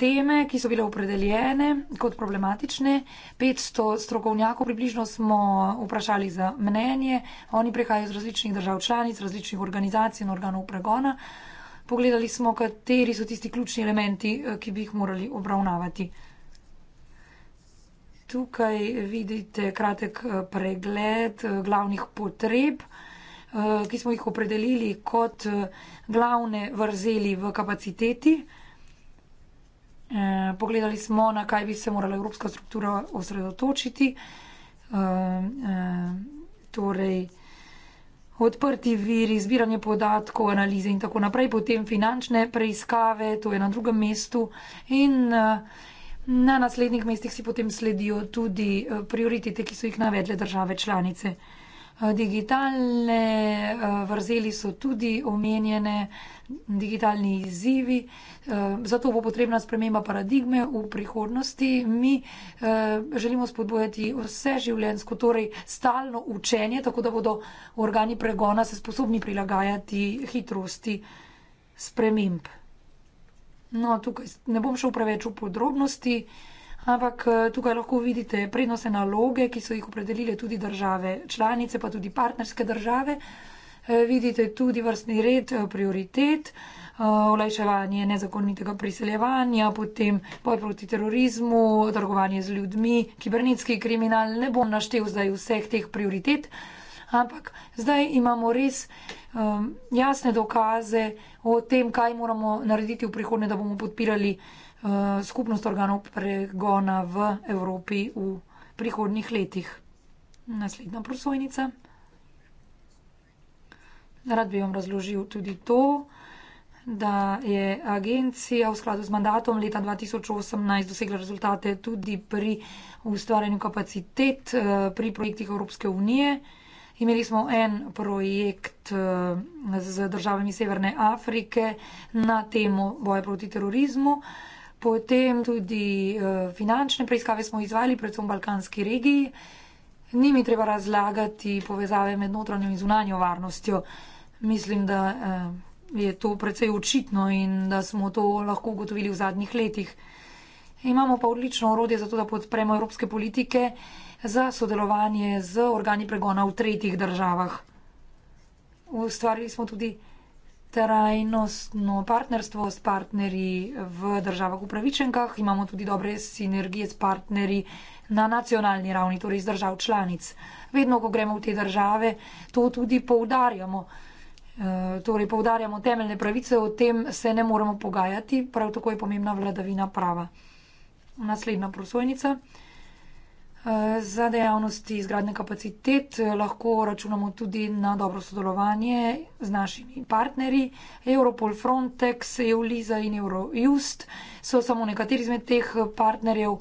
teme, ki so bile opredeljene kot problematične. 500 strokovnjakov približno smo vprašali za mnenje. Oni prihajajo iz različnih držav članic, različnih organizacij in organov pregona. Pogledali smo, kateri so tisti ključni elementi, ki bi jih morali obravnavati. Tukaj vidite kratek eh, pregled eh, glavnih potreb, eh, ki smo jih opredelili kot glavne vrzeli v kapaciteti. Pogledali smo, na kaj bi se morala evropska struktura osredotočiti. Torej, odprti viri, zbiranje podatkov, analize in tako naprej, potem finančne preiskave, to je na drugem mestu. In, uh, Na naslednjih mestih si potem sledijo tudi eh, prioritete, ki so jih navedle države članice. Eh, digitalne eh, vrzeli so tudi omenjene, digitalni izzivi, zato bo potrebna sprememba paradigme v prihodnosti. Mi želimo spodbojati vse življensko, torej stalno učenje, tako da bodo organi pregona se sposobni prilagajati hitrosti sprememb. No, tukaj ne bom šel preveč v podrobnosti, ampak eh, tukaj lahko vidite prednostne naloge, ki so jih opredelile tudi države članice, pa tudi partnerske države. Eh, vidite tudi vrstni red eh, prioritet, olajševanje nezakonitega priseljevanja, potem boj proti terorizmu, trgovanje z ljudmi, kibernetski kriminal. Ne bom naštel zdaj vseh teh prioritet, ampak zdaj imamo res um, jasne dokaze o tem, kaj moramo narediti v prihodnje, da bomo podpirali uh, skupnost organov pregona v Evropi v prihodnjih letih. Naslednja prosojnica. Rad bi vam razložil tudi to, da je agencija v skladu z mandatom leta 2018 dosegla rezultate tudi pri ustvarjanju kapacitet eh, pri projektih Evropske unije. Imeli smo en projekt eh, z državami Severne Afrike na temo boja proti terorizmu. Potem tudi eh, finančne preiskave smo izvajali, predvsem v Balkanski regiji. Ni mi treba razlagati povezave med notranjo in zunanjo varnostjo. Mislim, da eh, je to precej očitno in da smo to lahko ugotovili v zadnjih letih. Imamo pa odlično orodje za to, da podpremo evropske politike za sodelovanje z organi pregona v tretjih državah. Ustvarili smo tudi trajnostno partnerstvo s partnerji v državah upravičenkah, imamo tudi dobre sinergije s partnerji na nacionalni ravni, torej z držav članic. Vedno, ko gremo v te države, to tudi poudarjamo. Eh, torej, poudarjamo temeljne pravice, o tem se ne moremo pogajati, prav tako je pomembna vladavina prava. Naslednja prosojnica. Za dejavnosti izgradne kapacitet eh, lahko računamo tudi na dobro sodelovanje z našimi partnerji. Europol, Frontex, Euliza in Eurojust so samo nekateri izmed teh eh, partnerjev.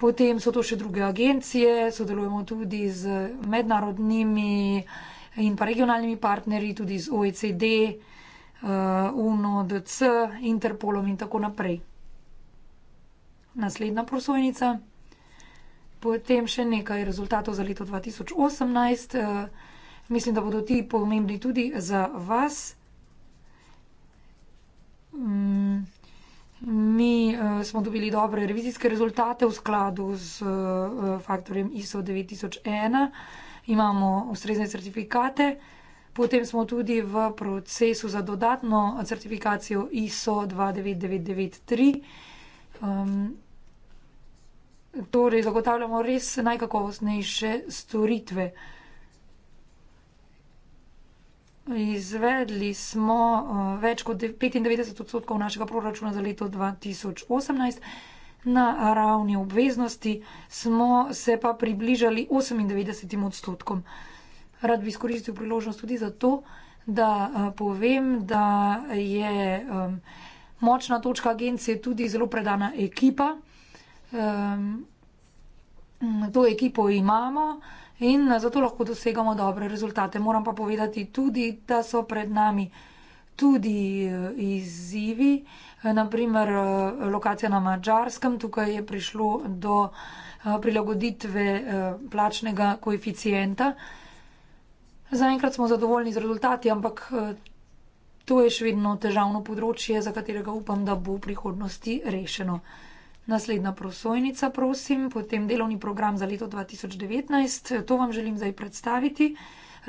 Potem so to še druge agencije, sodelujemo tudi z mednarodnimi eh, in pa regionalnimi partnerji, tudi z OECD, UNO, DC, Interpolom in tako naprej. Naslednja prosojnica. Potem še nekaj rezultatov za leto 2018. Eh, mislim, da bodo ti pomembni tudi za vas. Mm, mi eh, smo dobili dobre revizijske rezultate v skladu z eh, faktorjem ISO 9001. Imamo ustrezne certifikate. Potem smo tudi v procesu za dodatno certifikacijo ISO 29993 torej zagotavljamo res najkakovostnejše storitve. Izvedli smo eh, več kot 95 odstotkov našega proračuna za leto 2018. Na ravni obveznosti smo se pa približali 98 odstotkom. Rad bi izkoristil priložnost tudi zato, da eh, povem, da je eh, močna točka agencije tudi zelo predana ekipa um, to ekipo imamo in zato lahko dosegamo dobre rezultate. Moram pa povedati tudi, da so pred nami tudi eh, izzivi, eh, naprimer eh, lokacija na Mačarskem, tukaj je prišlo do prilagoditve plačnega koeficijenta. Zaenkrat smo zadovoljni z rezultati, ampak to je še vedno težavno področje, za katerega upam, da bo v prihodnosti rešeno. Naslednja prosojnica, prosim, potem delovni program za leto 2019. To vam želim zdaj predstaviti.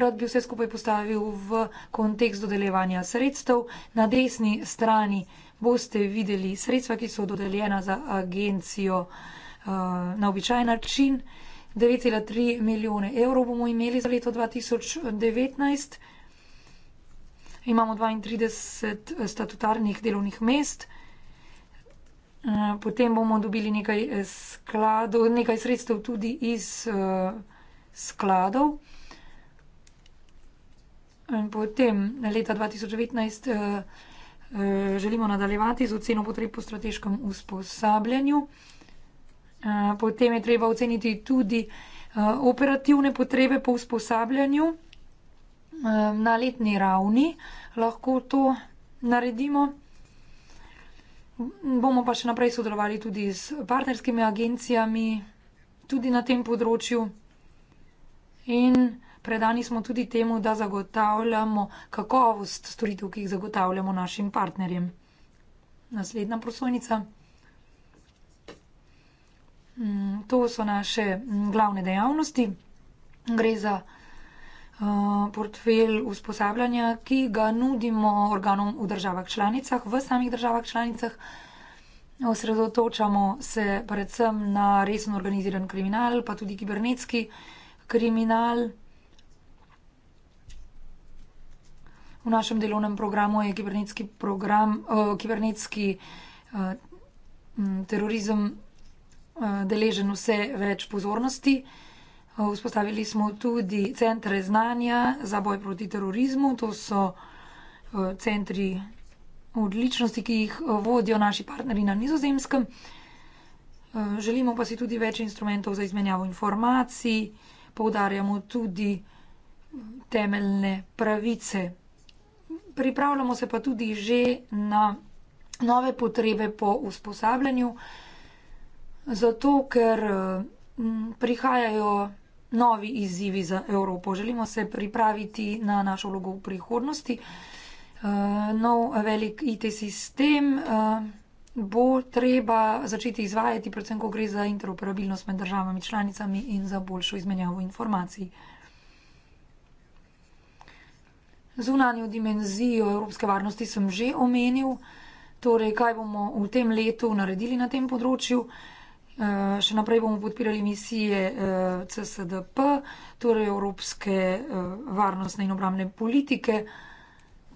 Rad bi vse skupaj postavil v kontekst dodeljevanja sredstev. Na desni strani boste videli sredstva, ki so dodeljena za agencijo eh, na običajen način. 9,3 milijone evrov bomo imeli za leto 2019. Imamo 32 eh, statutarnih delovnih mest. Eh, potem bomo dobili nekaj, eh, skladov, nekaj sredstev tudi iz uh, skladov. In potem leta 2019 uh, uh, želimo nadaljevati z oceno potreb po strateškem usposabljanju. Uh, potem je treba oceniti tudi uh, operativne potrebe po usposabljanju uh, na letni ravni. Lahko to naredimo bomo pa še naprej sodelovali tudi s partnerskimi agencijami, tudi na tem področju. In predani smo tudi temu, da zagotavljamo kakovost storitev, ki jih zagotavljamo našim partnerjem. Naslednja prosojnica. Mm, to so naše mm, glavne dejavnosti. Gre za uh, portfelj usposabljanja, ki ga nudimo organom v državah članicah, v samih državah članicah. Osredotočamo se predvsem na resen organiziran kriminal, pa tudi kibernetski kriminal. V našem delovnem programu je kibernetski, program, uh, kibernetski uh, terorizem uh, deležen vse več pozornosti. Uh, Vzpostavili smo tudi centre znanja za boj proti terorizmu. To so eh, centri odličnosti, ki jih eh, vodijo naši partneri na nizozemskem. Eh, želimo pa si tudi več instrumentov za izmenjavo informacij, poudarjamo tudi temeljne pravice. Pripravljamo se pa tudi že na nove potrebe po usposabljanju, zato ker prihajajo novi izzivi za Evropo. Želimo se pripraviti na našo vlogo v prihodnosti. Eh, nov eh, velik IT sistem eh, bo treba začeti izvajati, predvsem, ko gre za interoperabilnost med državami članicami in za boljšo izmenjavo informacij. Zunanjo dimenzijo evropske varnosti sem že omenil, torej kaj bomo v tem letu naredili na tem področju. Eh, še naprej bomo podpirali misije eh, CSDP, torej Evropske eh, varnostne in obramne politike.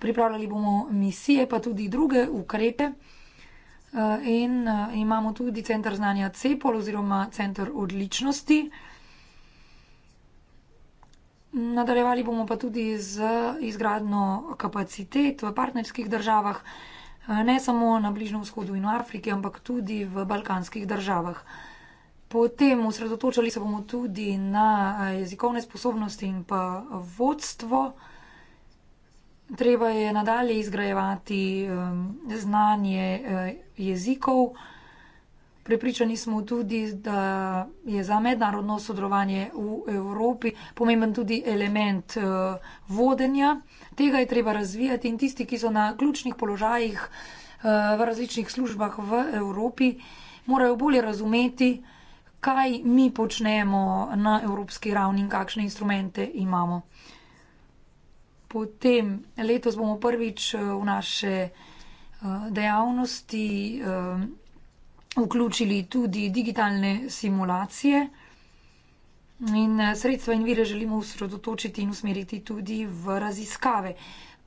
Pripravljali bomo misije, pa tudi druge ukrepe. In imamo tudi centr znanja CEPOL oziroma centr odličnosti. Nadaljevali bomo pa tudi z izgradno kapacitet v partnerskih državah ne samo na Bližnjem vzhodu in v Afriki, ampak tudi v balkanskih državah. Potem osredotočali se bomo tudi na eh, jezikovne sposobnosti in pa vodstvo. Treba je nadalje izgrajevati eh, znanje eh, jezikov. Prepričani smo tudi, da je za mednarodno sodelovanje v Evropi pomemben tudi element eh, vodenja. Tega je treba razvijati in tisti, ki so na ključnih položajih eh, v različnih službah v Evropi, morajo bolje razumeti, kaj mi počnemo na evropski ravni in kakšne instrumente imamo. Potem letos bomo prvič eh, v naše dejavnosti vključili tudi digitalne simulacije. In eh, sredstva in vire želimo usredotočiti in usmeriti tudi v raziskave,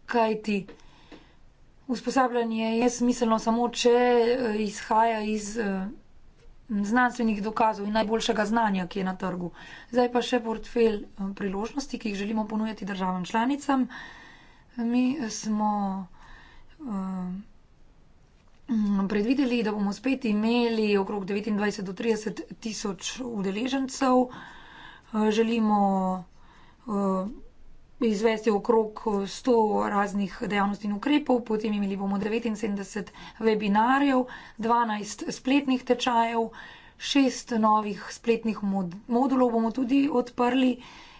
kajti usposabljanje je smiselno samo, če eh, izhaja iz eh, znanstvenih dokazov in najboljšega znanja, ki je na trgu. Zdaj pa še portfelj priložnosti, ki jih želimo ponujati državam članicam. Mi smo. Uh, Mm, predvideli, da bomo spet imeli okrog 29 do 30 tisoč udeležencev. Eh, želimo eh, izvesti okrog 100 eh, raznih dejavnosti in ukrepov, potem imeli bomo 79 webinarjev, 12 spletnih tečajev, 6 novih spletnih modulov bomo tudi odprli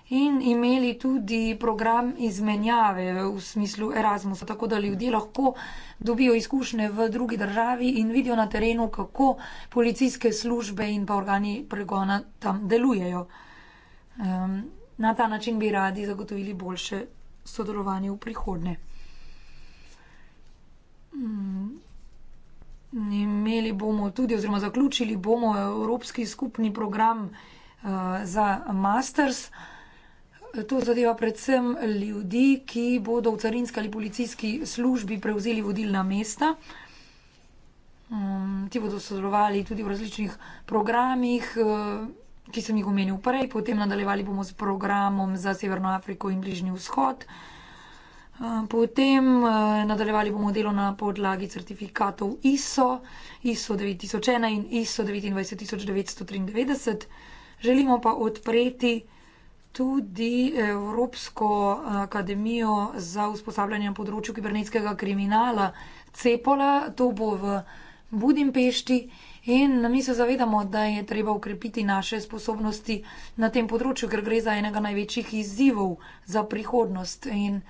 in imeli tudi program izmenjave v smislu Erasmusa, tako da ljudje lahko dobijo izkušnje v drugi državi in vidijo na terenu, kako policijske službe in pa organi pregona tam delujejo. Um, na ta način bi radi zagotovili boljše sodelovanje v prihodnje. Mm. Imeli bomo tudi, oziroma zaključili bomo Evropski skupni program uh, za Masters. Uh, to zadeva predvsem ljudi, ki bodo v carinski ali policijski službi prevzeli vodilna mesta. Mm, ti bodo sodelovali tudi v različnih programih, eh, ki sem jih omenil prej, potem nadaljevali bomo s programom za Severno Afriko in Bližnji vzhod. Eh, potem eh, nadaljevali bomo delo na podlagi certifikatov ISO, ISO 9001 in ISO 29993. Želimo pa odpreti tudi Evropsko eh, akademijo za usposabljanje na področju kibernetskega kriminala Cepola. To bo v Budimpešti in mi se zavedamo, da je treba ukrepiti naše sposobnosti na tem področju, ker gre za enega največjih izzivov za prihodnost. In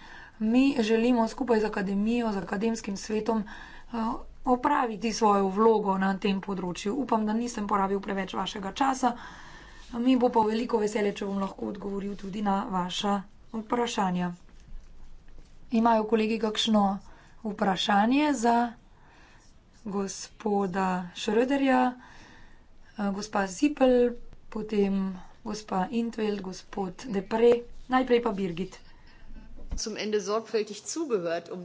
mi želimo skupaj z akademijo, z akademskim svetom eh, opraviti svojo vlogo na tem področju. Upam, da nisem porabil preveč vašega časa. Mi bo pa veliko veselje, če bom lahko odgovoril tudi na vaša vprašanja. Imajo kolegi kakšno vprašanje za gospoda Šröderja, eh, gospa Zipel, potem gospa Intveld, gospod Depre, najprej pa Birgit. Um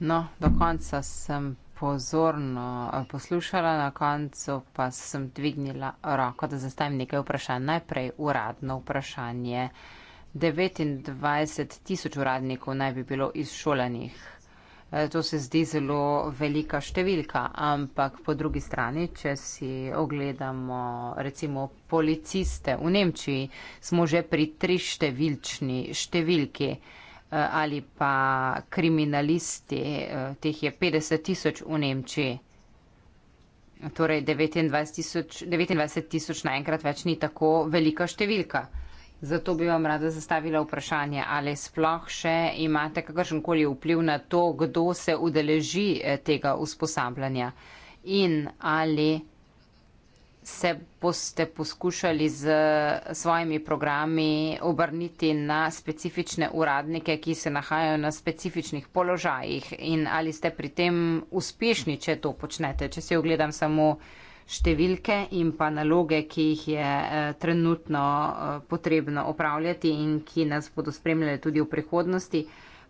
no, do konca sem pozorno eh, poslušala, na koncu pa sem dvignila roko, da zastavim nekaj vprašanj. Najprej uradno vprašanje. 29 tisoč uradnikov naj bi bilo izšolanih. Eh, to se zdi zelo velika številka, ampak po drugi strani, če si ogledamo recimo policiste v Nemčiji, smo že pri trištevilčni številki. Eh, ali pa kriminalisti, eh, teh je 50 tisoč v Nemčiji. Torej 29 tisoč naenkrat več ni tako velika številka. Zato bi vam rada zastavila vprašanje, ali sploh še imate kakršenkoli vpliv na to, kdo se udeleži eh, tega usposabljanja in ali se boste poskušali z svojimi programi obrniti na specifične uradnike, ki se nahajajo na specifičnih položajih in ali ste pri tem uspešni, če to počnete. Če si ogledam samo številke in pa naloge, ki jih je eh, trenutno eh, potrebno opravljati in ki nas bodo spremljali tudi v prihodnosti,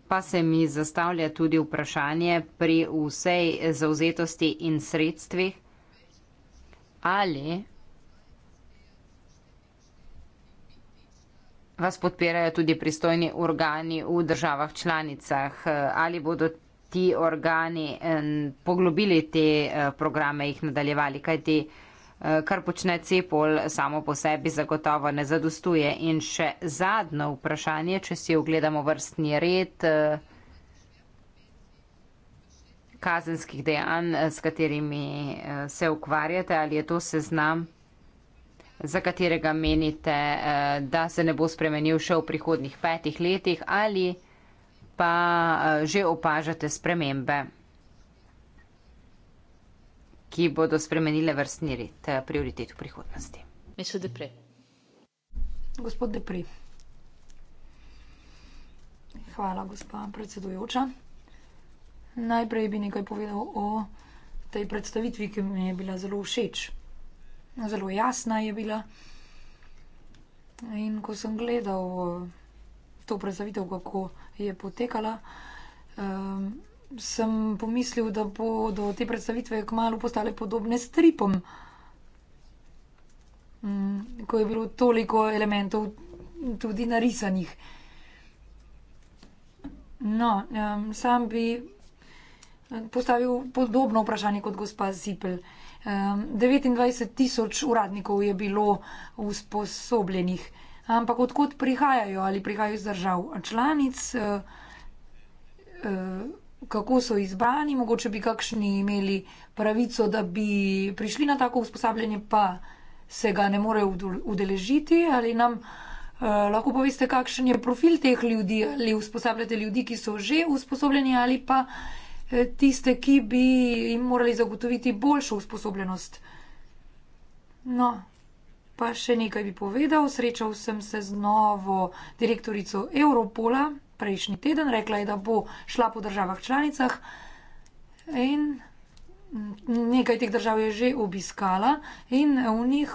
pa se mi zastavlja tudi vprašanje pri vsej zauzetosti in sredstvih, ali vas podpirajo tudi pristojni organi v državah članicah, ali bodo ti organi poglobili te eh, programe, jih nadaljevali, kaj ti, eh, kar počne Cepol, samo po sebi zagotovo ne zadostuje. In še zadnjo vprašanje, če si ogledamo vrstni red. Eh, kazenskih dejanj, eh, s katerimi eh, se ukvarjate, ali je to seznam, za katerega menite, eh, da se ne bo spremenil še v prihodnih petih letih, ali pa že opažate spremembe, ki bodo spremenile vrstni red, prioritet v prihodnosti. Mislim, da prej. Gospod Depri. Hvala, gospa predsedujoča. Najprej bi nekaj povedal o tej predstavitvi, ki mi je bila zelo všeč. Zelo jasna je bila. In ko sem gledal eh, to predstavitev, kako je potekala, ehm, sem pomislil, da bodo te predstavitve kmalu postale podobne stripom. Mm, ko je bilo toliko elementov tudi narisanih. No, ehm, sam bi postavil podobno vprašanje kot gospa Zipel. 29 tisoč uradnikov je bilo usposobljenih, ampak odkot prihajajo ali prihajajo iz držav članic, e, e, kako so izbrani, mogoče bi kakšni imeli pravico, da bi prišli na tako usposabljanje, pa se ga ne morejo udeležiti ali nam. Uh, lahko poveste, kakšen je profil teh ljudi, ali usposabljate ljudi, ki so že usposobljeni, ali pa uh, Eh, tiste, ki bi jim morali zagotoviti boljšo usposobljenost. No, pa še nekaj bi povedal. Srečal sem se z novo direktorico Europola prejšnji teden, rekla je, da bo šla po državah članicah in nekaj teh držav je že obiskala in v njih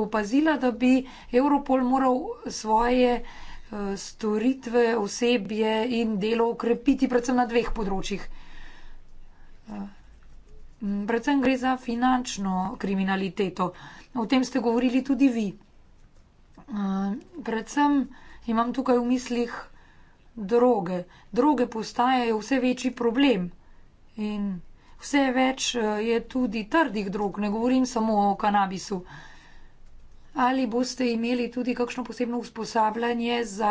opazila, da bi Europol moral svoje storitve, osebje in delo ukrepiti, predvsem na dveh področjih. Eh, predvsem gre za finančno kriminaliteto. O tem ste govorili tudi vi. Eh, predvsem imam tukaj v mislih droge. Droge postajajo vse večji problem in vse več eh, je tudi trdih drog, ne govorim samo o kanabisu. Ali boste imeli tudi kakšno posebno usposabljanje za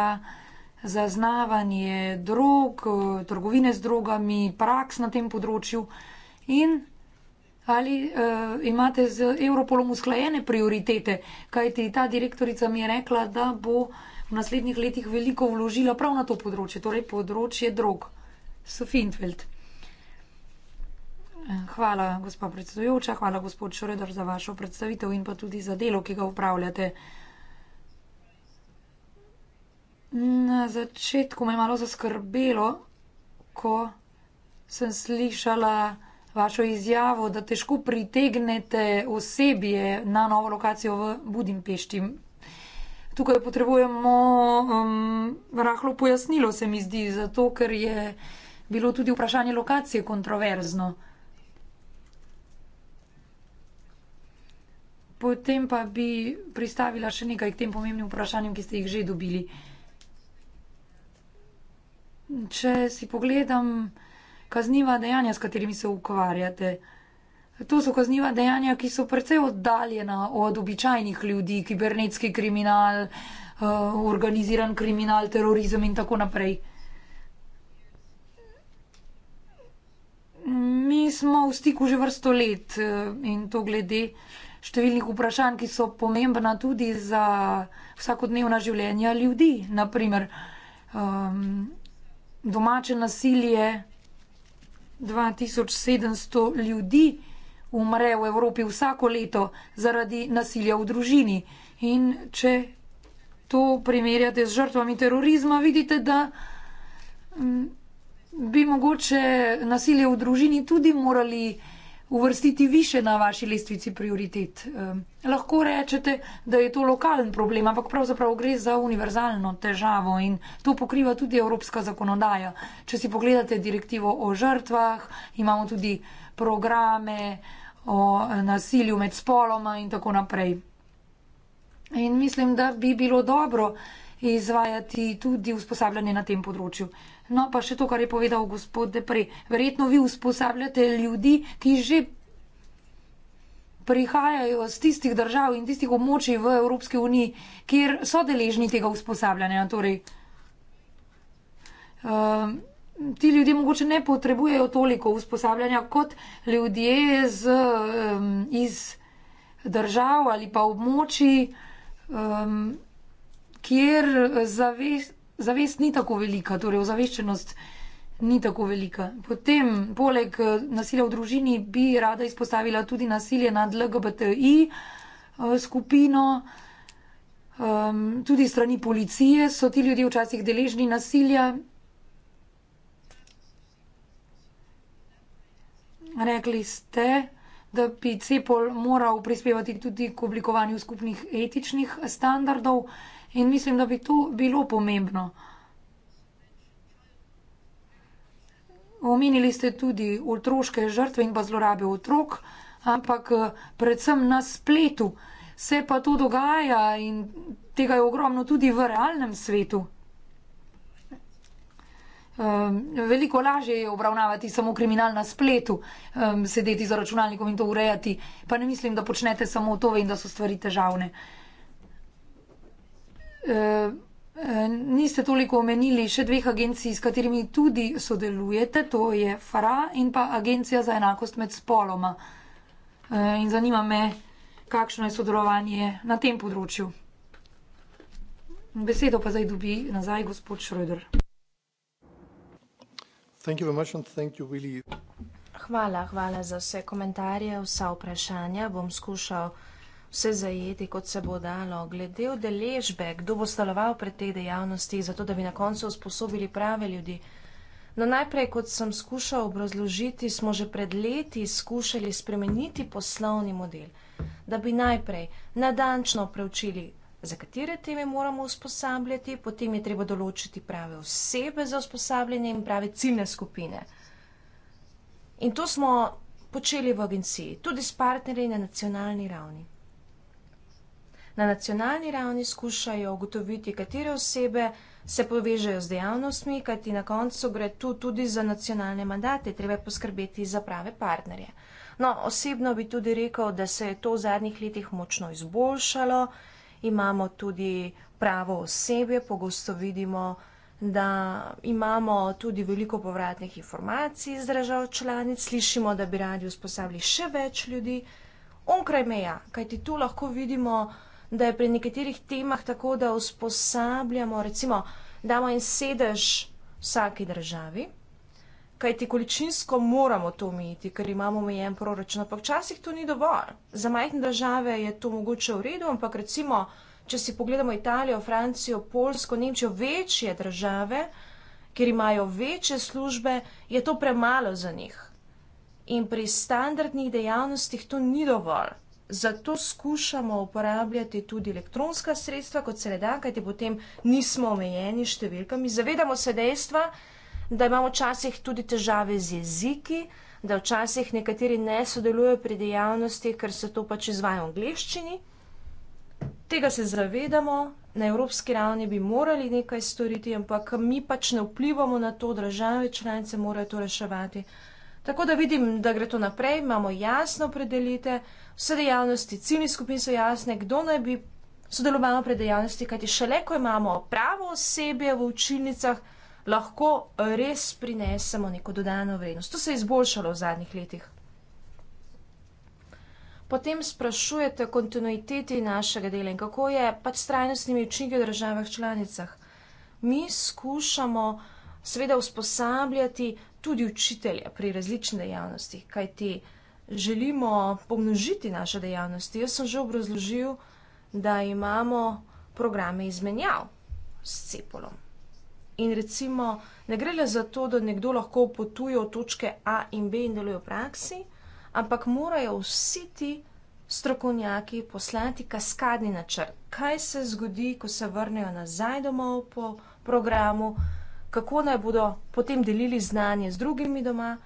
zaznavanje drog, trgovine z drogami, praks na tem področju in ali uh, imate z Europolom usklajene prioritete, kajti ta direktorica mi je rekla, da bo v naslednjih letih veliko vložila prav na to področje, torej področje drog. Sofintveld. Hvala, gospa predsedujoča, hvala, gospod Šreder, za vašo predstavitev in pa tudi za delo, ki ga upravljate. Na začetku me je malo zaskrbelo, ko sem slišala vašo izjavo, da težko pritegnete osebje na novo lokacijo v Budimpešti. Tukaj potrebujemo um, rahlo pojasnilo, se mi zdi, zato ker je bilo tudi vprašanje lokacije kontroverzno. potem pa bi pristavila še nekaj k tem pomembnim vprašanjem, ki ste jih že dobili. Če si pogledam kazniva dejanja, s katerimi se ukvarjate, to so kazniva dejanja, ki so precej oddaljena od običajnih ljudi, kibernetski kriminal, eh, organiziran kriminal, terorizem in tako naprej. Mi smo v stiku že vrsto let eh, in to glede številnih vprašanj, ki so pomembna tudi za vsakodnevna življenja ljudi. Naprimer, um, domače nasilje 2700 ljudi umre v Evropi vsako leto zaradi nasilja v družini. In če to primerjate z žrtvami terorizma, vidite, da um, bi mogoče nasilje v družini tudi morali uvrstiti više na vaši lestvici prioritet. Lahko rečete, da je to lokalen problem, ampak pravzaprav gre za univerzalno težavo in to pokriva tudi evropska zakonodaja. Če si pogledate direktivo o žrtvah, imamo tudi programe o nasilju med spoloma in tako naprej. In mislim, da bi bilo dobro izvajati tudi usposabljanje na tem področju. No, pa še to, kar je povedal gospod Deprej. Verjetno vi usposabljate ljudi, ki že prihajajo z tistih držav in tistih območij v Evropski uniji, kjer so deležni tega usposabljanja. Torej, um, ti ljudje mogoče ne potrebujejo toliko usposabljanja kot ljudje z, um, iz držav ali pa območij, um, kjer zavest zavest ni tako velika, torej ozaveščenost ni tako velika. Potem, poleg eh, nasilja v družini, bi rada izpostavila tudi nasilje nad LGBTI eh, skupino. Um, tudi strani policije so ti ljudje včasih deležni nasilja. Rekli ste, da bi CEPOL moral prispevati tudi k oblikovanju skupnih etičnih standardov. Uh, In mislim, da bi to bilo pomembno. Omenili ste tudi otroške žrtve in pa zlorabe otrok, ampak predvsem na spletu. Se pa to dogaja in tega je ogromno tudi v realnem svetu. Um, veliko lažje je obravnavati samo kriminal na spletu, um, sedeti za računalnikom in to urejati, pa ne mislim, da počnete samo to in da so stvari težavne. Uh, Eh, eh, niste toliko omenili še dveh agencij, s katerimi tudi sodelujete, to je FARA in pa Agencija za enakost med spoloma. Eh, in zanima me, kakšno je sodelovanje na tem področju. Besedo pa zdaj dobi nazaj gospod Schröder. Hvala, hvala za vse komentarje, vsa vprašanja. Bom skušal vse zajeti, kot se bo dalo. Glede udeležbe, kdo bo staloval pred te dejavnosti, zato da bi na koncu usposobili prave ljudi. No najprej, kot sem skušal obrazložiti, smo že pred leti skušali spremeniti poslovni model, da bi najprej nadančno preučili, za katere teme moramo usposabljati, potem je treba določiti prave osebe za usposabljanje in prave ciljne skupine. In to smo počeli v agenciji, tudi s partnerji na nacionalni ravni. Na nacionalni ravni skušajo ugotoviti, katere osebe se povežejo z dejavnostmi, kajti na koncu gre tu tudi za nacionalne mandate, treba je poskrbeti za prave partnerje. No, osebno bi tudi rekel, da se je to v zadnjih letih močno izboljšalo, imamo tudi pravo osebje, pogosto vidimo, da imamo tudi veliko povratnih informacij iz držav članic, slišimo, da bi radi usposabili še več ljudi onkraj meja, kajti tu lahko vidimo, da je pri nekaterih temah tako, da usposabljamo, recimo, damo en sedež vsaki državi, kajti količinsko moramo to omejiti, ker imamo omejen proračun, ampak včasih to ni dovolj. Za majhne države je to mogoče v redu, ampak recimo, če si pogledamo Italijo, Francijo, Polsko, Nemčijo, večje države, ker imajo večje službe, je to premalo za njih. In pri standardnih dejavnostih to ni dovolj. Zato skušamo uporabljati tudi elektronska sredstva kot sreda, kajti potem nismo omejeni s številkami. Zavedamo se dejstva, da imamo včasih tudi težave z jeziki, da včasih nekateri ne sodelujejo pri dejavnosti, ker se to pač izvaja v angliščini. Tega se zavedamo, na evropski ravni bi morali nekaj storiti, ampak mi pač ne vplivamo na to, države članice morajo to reševati. Tako da vidim, da gre to naprej, imamo jasno predelite, vse dejavnosti, ciljni skupin so jasne, kdo naj bi sodeloval pri dejavnosti, kajti šele, ko imamo pravo osebje v učilnicah, lahko res prinesemo neko dodano vrednost. To se je izboljšalo v zadnjih letih. Potem sprašujete o kontinuiteti našega dela in kako je pač s trajnostnimi učinki v državah članicah. Mi skušamo seveda usposabljati tudi učitelje pri različnih dejavnostih, kajti želimo pomnožiti naše dejavnosti. Jaz sem že obrazložil, da imamo programe izmenjav s cepolom. In recimo, ne gre le za to, da nekdo lahko potuje od točke A in B in deluje v praksi, ampak morajo vsi ti strokovnjaki poslati kaskadni načrt, kaj se zgodi, ko se vrnejo nazaj domov po programu kako naj bodo potem delili znanje z drugimi doma.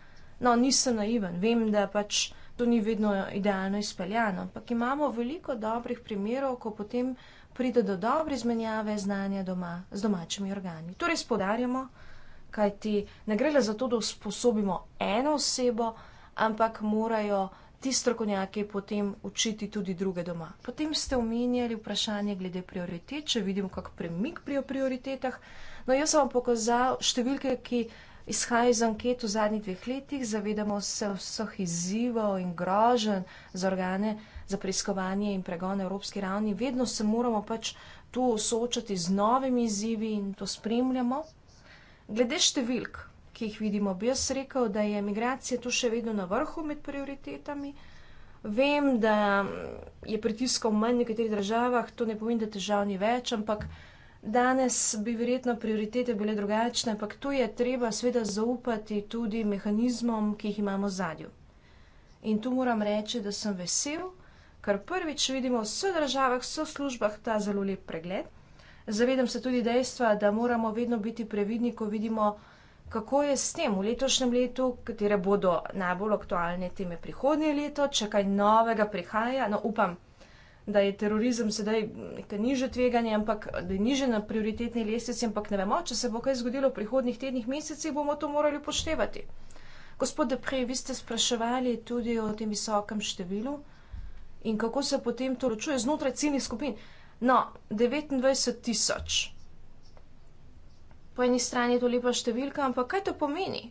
No, nisem naiven, vem, da pač to ni vedno idealno izpeljano, ampak imamo veliko dobrih primerov, ko potem pride do dobre izmenjave znanja doma z domačimi organi. Torej, spodarjamo, kajti ne gre le za to, da usposobimo eno osebo, ampak morajo ti strokovnjaki potem učiti tudi druge doma. Potem ste omenjali vprašanje glede prioritet, če vidimo kak premik pri prioritetah. No, jaz sem vam pokazal številke, ki izhajajo iz anket v zadnjih dveh letih. Zavedamo se vseh izzivov in grožen za organe za preiskovanje in pregon na evropski ravni. Vedno se moramo pač tu soočati z novimi izzivi in to spremljamo. Glede številk, ki jih vidimo, bi jaz rekel, da je migracija tu še vedno na vrhu med prioritetami. Vem, da je pritiskov manj v nekaterih državah, to ne pomeni, da težav ni več, ampak Danes bi verjetno prioritete bile drugačne, ampak tu je treba seveda zaupati tudi mehanizmom, ki jih imamo v zadju. In tu moram reči, da sem vesel, ker prvič vidimo v vseh državah, v vseh službah ta zelo lep pregled. Zavedam se tudi dejstva, da moramo vedno biti previdni, ko vidimo, kako je s tem v letošnjem letu, katere bodo najbolj aktualne teme prihodnje leto, če kaj novega prihaja. No, upam, da da je terorizem sedaj neka niže tveganje, ampak da je niže na prioritetni lestvici, ampak ne vemo, če se bo kaj zgodilo v prihodnih tednih mesecih, bomo to morali poštevati. Gospod Depre, vi ste spraševali tudi o tem visokem številu in kako se potem to ročuje znotraj ciljnih skupin. No, 29 tisoč. Po eni strani je to lepa številka, ampak kaj to pomeni?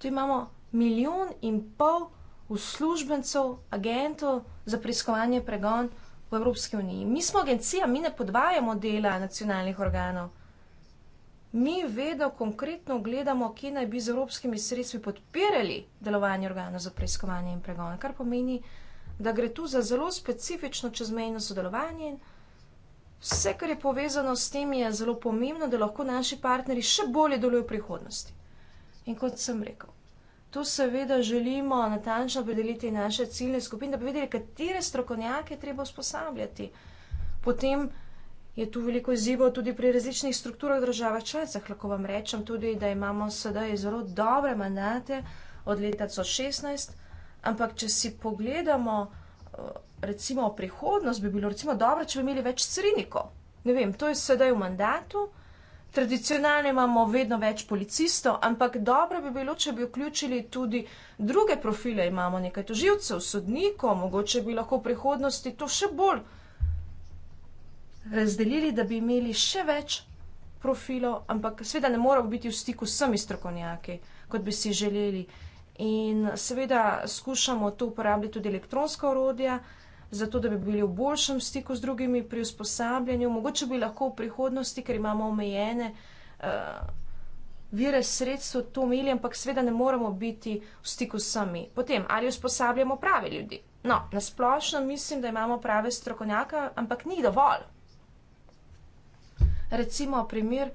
Tu imamo milijon in pol uslužbencev, agentov za preiskovanje pregon v Evropski uniji. Mi smo agencija, mi ne podvajamo dela nacionalnih organov. Mi vedno konkretno gledamo, kje naj bi z evropskimi sredstvi podpirali delovanje organov za preiskovanje in pregon, kar pomeni, da gre tu za zelo specifično čezmejno sodelovanje. Vse, kar je povezano s tem, je zelo pomembno, da lahko naši partnerji še bolje delujejo v prihodnosti. In kot sem rekel, To seveda želimo natančno opredeliti naše ciljne skupine, da bi vedeli, katere strokovnjake treba usposabljati. Potem je tu veliko izzivov tudi pri različnih strukturah države članicah. Lahko vam rečem tudi, da imamo sedaj zelo dobre mandate od leta 2016, ampak če si pogledamo eh, recimo prihodnost, bi bilo recimo dobro, če bi imeli več srinikov. Ne vem, to je sedaj v mandatu, Tradicionalno imamo vedno več policistov, ampak dobro bi bilo, če bi vključili tudi druge profile. Imamo nekaj toživcev, sodnikov, mogoče bi lahko v prihodnosti to še bolj razdelili, da bi imeli še več profilov, ampak seveda ne moramo biti v stiku s vsemi strokovnjaki, kot bi si želeli. In seveda skušamo to uporabljati tudi elektronska orodja, uh, zato da bi bili v boljšem stiku z drugimi pri usposabljanju. Mogoče bi lahko v prihodnosti, ker imamo omejene uh, vire sredstva, to imeli, ampak seveda ne moramo biti v stiku sami. Potem, ali usposabljamo prave ljudi? No, nasplošno mislim, da imamo prave strokovnjaka, ampak ni dovolj. Recimo primer.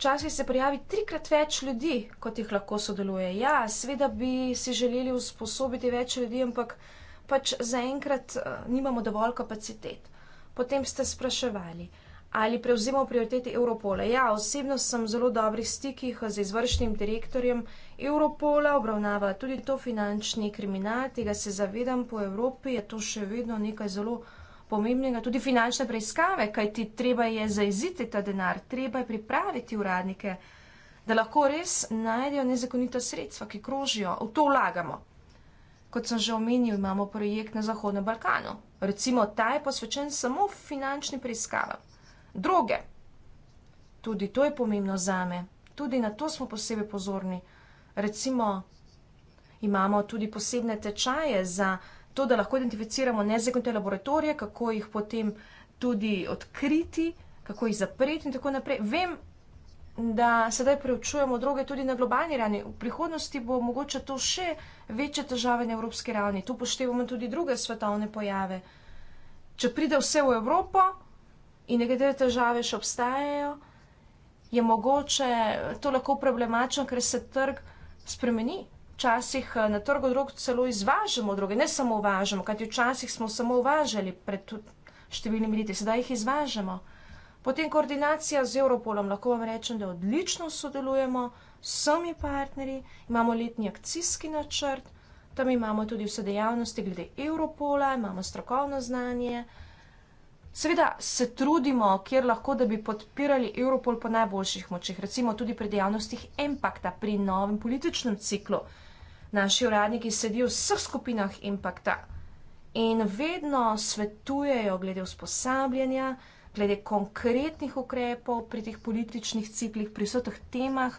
Včasih se prijavi trikrat več ljudi, kot jih lahko sodeluje. Ja, sveda bi si želeli usposobiti več ljudi, ampak pač zaenkrat eh, nimamo dovolj kapacitet. Potem ste spraševali, ali prevzemamo prioriteti Europola. Ja, osebno sem v zelo dobrih stikih z izvršnim direktorjem Europola, obravnava tudi to finančni kriminal, tega se zavedam po Evropi, je to še vedno nekaj zelo pomembnega, tudi finančne preiskave, kaj ti treba je zaiziti ta denar, treba je pripraviti uradnike, da lahko res najdejo nezakonita sredstva, ki krožijo, v to vlagamo. Kot sem že omenil, imamo projekt na Zahodnem Balkanu. Recimo, ta je posvečen samo finančni preiskavam. Droge. Tudi to je pomembno za me. Tudi na to smo posebej pozorni. Recimo, imamo tudi posebne tečaje za to, da lahko identificiramo nezakonite laboratorije, kako jih potem tudi odkriti, kako jih zapreti in tako naprej. Vem, da sedaj preučujemo droge tudi na globalni ravni. V prihodnosti bo mogoče to še večje težave na evropski ravni. Tu poštevamo tudi druge svetovne pojave. Če pride vse v Evropo in nekatere težave še obstajajo, je mogoče to lahko problematično, ker se trg spremeni. Včasih eh, na trgu drog celo izvažamo droge, ne samo uvažamo, kajti včasih smo samo uvažali pred številnimi leti, sedaj jih izvažamo. Potem koordinacija z Europolom, lahko vam rečem, da odlično sodelujemo s vsemi partnerji, imamo letni akcijski načrt, tam imamo tudi vse dejavnosti glede Europola, imamo strokovno znanje. Seveda se trudimo, kjer lahko, da bi podpirali Europol po najboljših močeh, recimo tudi pri dejavnostih impakta, pri novem političnem ciklu. Naši uradniki sedijo v vseh skupinah impakta in vedno svetujejo glede usposabljanja, glede konkretnih ukrepov pri teh političnih ciklih, pri vseh teh temah.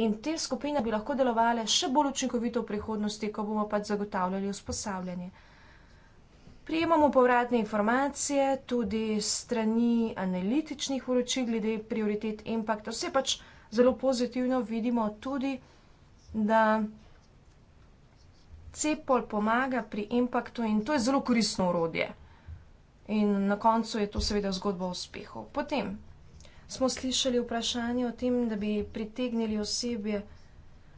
In te skupine bi lahko delovale še bolj učinkovito v prihodnosti, ko bomo pač zagotavljali usposabljanje. Prijemamo povratne informacije tudi strani analitičnih vročil glede prioritet impakta. Vse pač zelo pozitivno vidimo tudi, da Cepol pomaga pri impaktu in to je zelo koristno urodje. In na koncu je to seveda zgodba o uspehu. Potem smo slišali vprašanje o tem, da bi pritegnili osebje.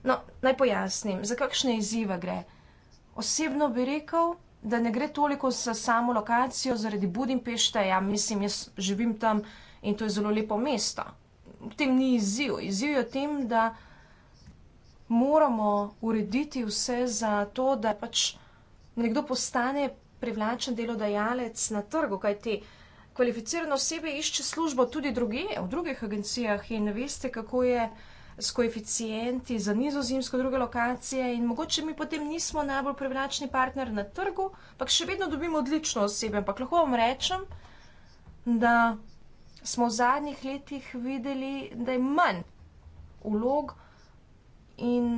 No, naj pojasnim, za kakšne izzive gre. Osebno bi rekel, da ne gre toliko za samo lokacijo zaradi Budimpešte. Ja, mislim, jaz živim tam in to je zelo lepo mesto. V tem ni izziv. Izziv je v tem, da moramo urediti vse za to, da pač nekdo postane privlačen delodajalec na trgu, kajti kvalificirano osebe išče službo tudi druge, v drugih agencijah in veste, kako je s koeficienti za nizozemsko druge lokacije in mogoče mi potem nismo najbolj privlačni partner na trgu, ampak še vedno dobimo odlično osebe. Ampak lahko vam rečem, da smo v zadnjih letih videli, da je manj vlog in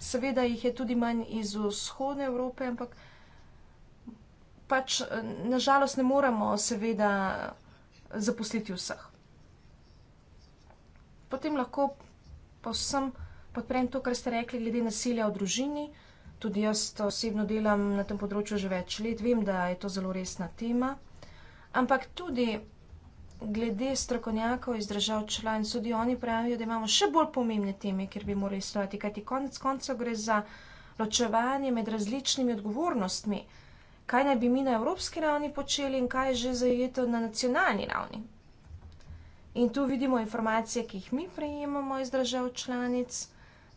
seveda jih je tudi manj iz vzhodne Evrope, ampak pač eh, nažalost ne moremo seveda zaposliti vseh. Potem lahko povsem podprem to, kar ste rekli glede nasilja v družini. Tudi jaz osebno delam na tem področju že več let, vem, da je to zelo resna tema. Ampak tudi glede strokovnjakov iz držav članic, tudi oni pravijo, da imamo še bolj pomembne teme, kjer bi morali stojati, kajti konec koncev gre za ločevanje med različnimi odgovornostmi kaj naj bi mi na evropski ravni počeli in kaj je že zajeto na nacionalni ravni. In tu vidimo informacije, ki jih mi prejemamo iz držav članic,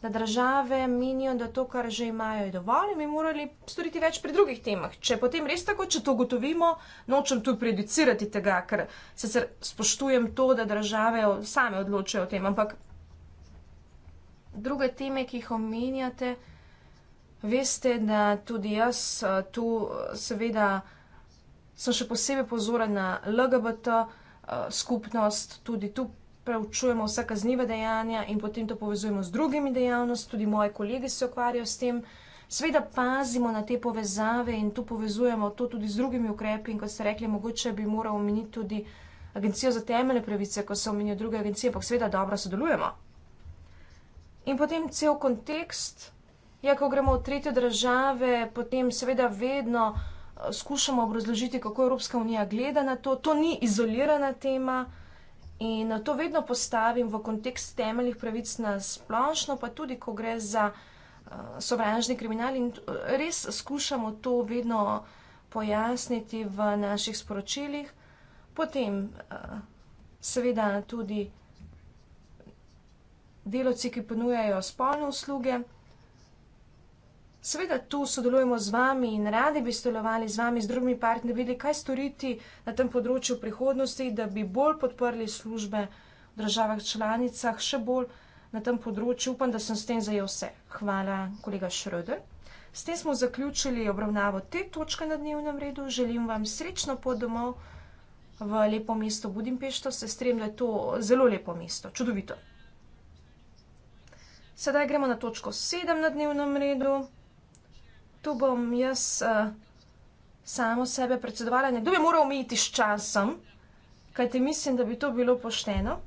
da države menijo, da to, kar že imajo, je dovolj in bi morali storiti več pri drugih temah. Če potem res tako, če to gotovimo, nočem tu prejudicirati tega, ker sicer spoštujem to, da države same odločajo o tem, ampak druge teme, ki jih omenjate, veste, da tudi jaz eh, tu eh, seveda sem še posebej pozoren na LGBT eh, skupnost, tudi tu preučujemo vse kaznive dejanja in potem to povezujemo z drugimi dejavnosti, tudi moje kolege se okvarjajo s tem. Sveda pazimo na te povezave in tu povezujemo to tudi z drugimi ukrepi in kot ste rekli, mogoče bi moral omeniti tudi Agencijo za temeljne pravice, ko se omenijo druge agencije, pa sveda dobro sodelujemo. In potem cel kontekst Ja, ko gremo v tretje države, potem seveda vedno eh, skušamo obrazložiti, kako Evropska unija gleda na to. To ni izolirana tema in eh, to vedno postavim v kontekst temeljih pravic na splošno, pa tudi, ko gre za eh, sovražni kriminal in res skušamo to vedno pojasniti v naših sporočilih. Potem seveda tudi delovci, ki ponujajo spolne usluge. Seveda tu sodelujemo z vami in radi bi sodelovali z vami, z drugimi partnerji, videli, kaj storiti na tem področju v prihodnosti, da bi bolj podprli službe v državah članicah, še bolj na tem področju. Upam, da sem s tem zajel vse. Hvala, kolega Šröder. S tem smo zaključili obravnavo te točke na dnevnem redu. Želim vam srečno pot domov v lepo mesto Budimpešto. Se strem, da je to zelo lepo mesto. Čudovito. Sedaj gremo na točko 7 na dnevnem redu tu bom jaz uh, samo sebe predsedovala. Nekdo bi moral omejiti s časom, kajti mislim, da bi to bilo pošteno.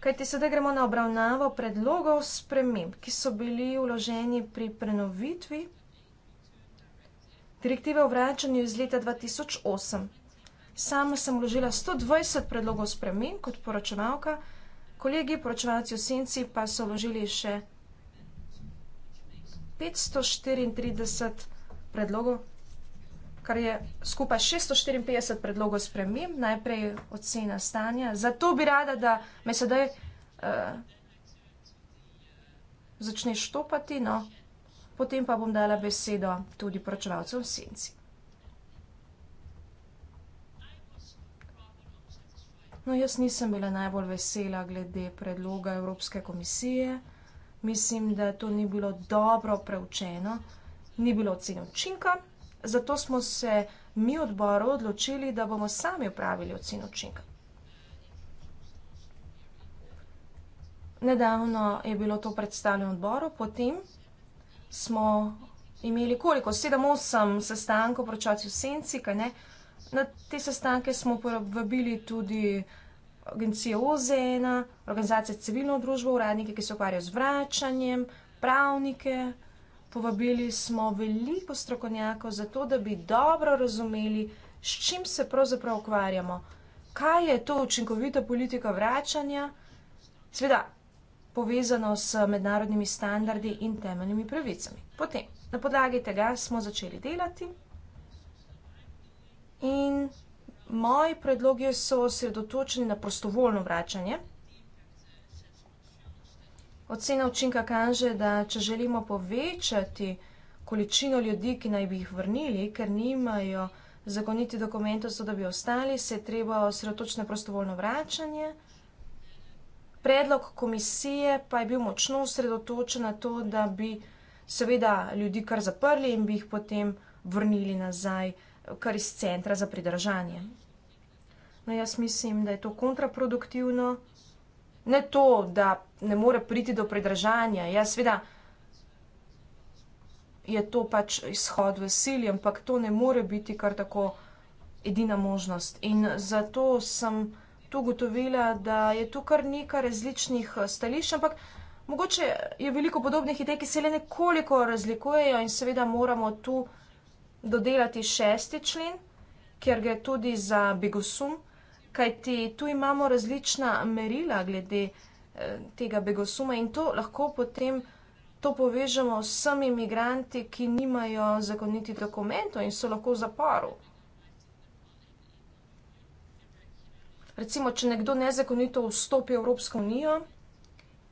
Kajti sedaj gremo na obravnavo predlogov sprememb, ki so bili uloženi pri prenovitvi direktive o vračanju iz leta 2008. Sama sem vložila 120 predlogov sprememb kot poročevalka, kolegi poročevalci v senci pa so vložili še 534 predlogov, kar je skupaj 654 predlogov spremem, najprej ocena stanja. Zato bi rada, da me sedaj uh, začneš topati, no, potem pa bom dala besedo tudi poročevalcem v senci. No, jaz nisem bila najbolj vesela glede predloga Evropske komisije. Mislim, da to ni bilo dobro preučeno, ni bilo ocene učinka, zato smo se mi odboru odločili, da bomo sami upravili ocene učinka. Nedavno je bilo to predstavljeno odboru, potem smo imeli koliko, sedem, osem sestankov, pročaci v senci, kaj ne. Na te sestanke smo povabili tudi uh, agencije OZN, organizacije civilno družbo, uradnike, ki se ukvarjajo z vračanjem, pravnike. Povabili smo veliko strokovnjakov za to, da bi dobro razumeli, s čim se pravzaprav ukvarjamo, kaj je to učinkovita politika vračanja, seveda povezano s mednarodnimi standardi in temeljnimi pravicami. Potem, na podlagi tega smo začeli delati in Moji predlogi so osredotočeni na prostovoljno vračanje. Ocena učinka kaže, da če želimo povečati količino ljudi, ki naj bi jih vrnili, ker nimajo zagoniti dokumentov, so da bi ostali, se je treba osredotočiti na prostovoljno vračanje. Predlog komisije pa je bil močno osredotočen na to, da bi seveda ljudi kar zaprli in bi jih potem vrnili nazaj kar iz centra za pridržanje. No, jaz mislim, da je to kontraproduktivno. Ne to, da ne more priti do pridržanja. Ja, seveda je to pač izhod v sili, ampak to ne more biti kar tako edina možnost. In zato sem tu gotovila, da je tu kar nekaj različnih eh, stališč, ampak mogoče je veliko podobnih idej, ki se le nekoliko razlikujejo in seveda moramo tu dodelati šesti člen, ker gre tudi za begosum, kajti tu imamo različna merila glede eh, tega begosuma in to lahko potem to povežemo s vsemi imigranti, ki nimajo zakoniti dokumentov in so lahko v zaporu. Recimo, če nekdo nezakonito vstopi v Evropsko unijo,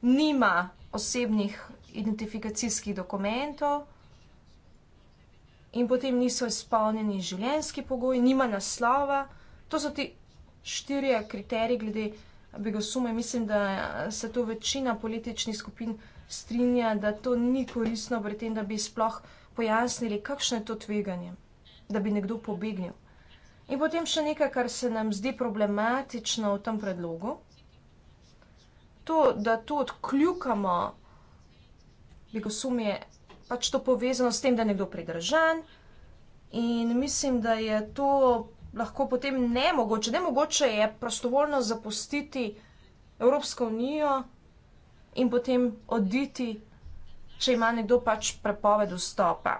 nima osebnih identifikacijskih dokumentov, in potem niso izpolnjeni življenjski pogoji, nima naslova. To so ti štiri kriterije glede begosume. Mislim, da se to večina političnih skupin strinja, da to ni korisno pri tem, da bi sploh pojasnili, kakšno je to tveganje, da bi nekdo pobegnil. In potem še nekaj, kar se nam zdi problematično v tem predlogu. To, da to odkljukamo, bi ga sumije pač to povezano s tem, da je nekdo pridržan. In mislim, da je to lahko potem nemogoče. Nemogoče je prostovoljno zapustiti Evropsko unijo in potem oditi, če ima nekdo pač prepoved vstopa.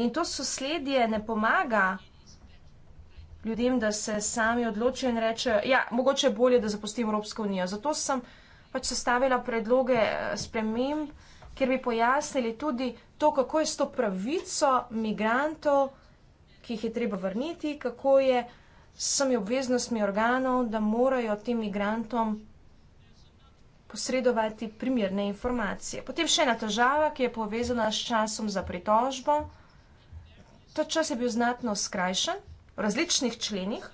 In to sosledje ne pomaga ljudem, da se sami odločijo in rečejo, ja, mogoče je bolje, da zapustim Evropsko unijo. Zato sem pač sestavila predloge eh, spremem kjer bi pojasnili tudi to, kako je s to pravico migrantov, ki jih je treba vrniti, kako je s temi obveznostmi organov, da morajo tem migrantom posredovati primerne informacije. Potem še ena težava, ki je povezana s časom za pritožbo. Ta čas je bil znatno skrajšan v različnih členih,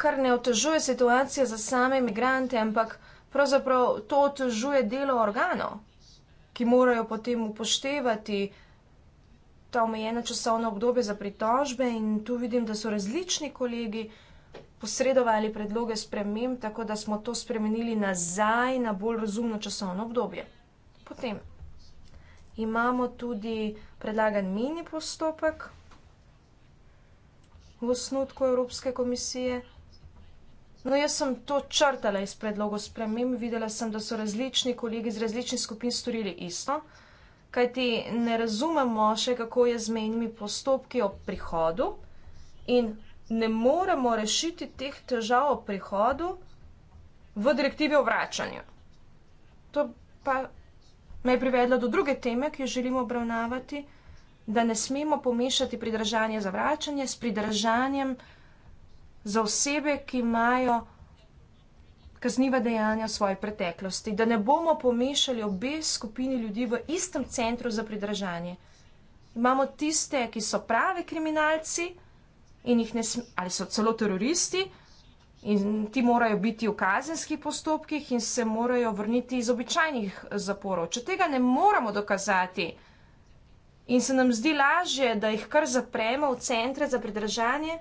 kar ne otežuje situacije za same imigrante, ampak vsega, pravzaprav to otežuje delo organov, ki morajo potem upoštevati ta omejena časovna obdobja za pritožbe in tu vidim, da so različni kolegi posredovali predloge spremem, tako da smo to spremenili nazaj na bolj razumno časovno obdobje. Potem imamo tudi predlagan mini postopek v osnutku Evropske komisije. No, jaz sem to črtala iz predloga sprememb, videla sem, da so različni kolegi iz različnih skupin storili isto, kajti ne razumemo še, kako je z menjimi postopki ob prihodu in ne moremo rešiti teh težav ob prihodu v direktivi o vračanju. To pa me je privedlo do druge teme, ki jo želimo obravnavati, da ne smemo pomešati pridržanje za vračanje s pridržanjem za osebe, ki imajo kazniva dejanja v svoji preteklosti. Da ne bomo pomešali obe skupini ljudi v istem centru za pridržanje. Imamo tiste, ki so pravi kriminalci in jih ne smemo, ali so celo teroristi. In ti morajo biti v kazenskih postopkih in se morajo vrniti iz običajnih zaporov. Če tega ne moramo dokazati in se nam zdi lažje, da jih kar zapremo v centre za pridržanje,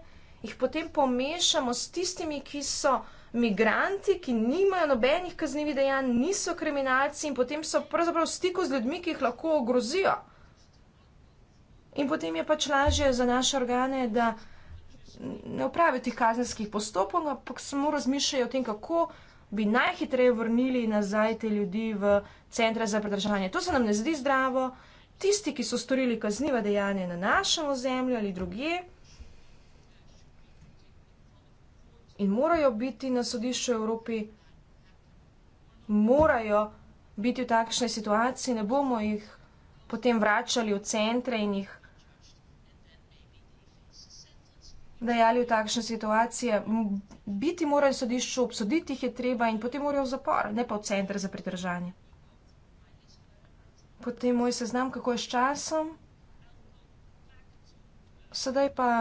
jih potem pomešamo s tistimi, ki so migranti, ki nimajo nobenih kaznjivih dejanj, niso kriminalci in potem so pravzaprav v stiku z ljudmi, ki jih lahko ogrozijo. In potem je pač lažje za naše organe, da ne upravijo tih kazenskih postopkov, ampak samo razmišljajo o tem, kako bi najhitreje vrnili nazaj te ljudi v centre za predržanje. To se nam ne zdi zdravo. Tisti, ki so storili kaznjiva dejanja na našem ozemlju ali drugje, in morajo biti na sodišču Evropi, morajo biti v takšni situaciji, ne bomo jih potem vračali v centre in jih dajali v takšne situacije. Biti morajo v sodišču, obsoditi jih je treba in potem morajo v zapor, ne pa v center za pridržanje. Potem moj seznam, kako je s časom. Sedaj pa.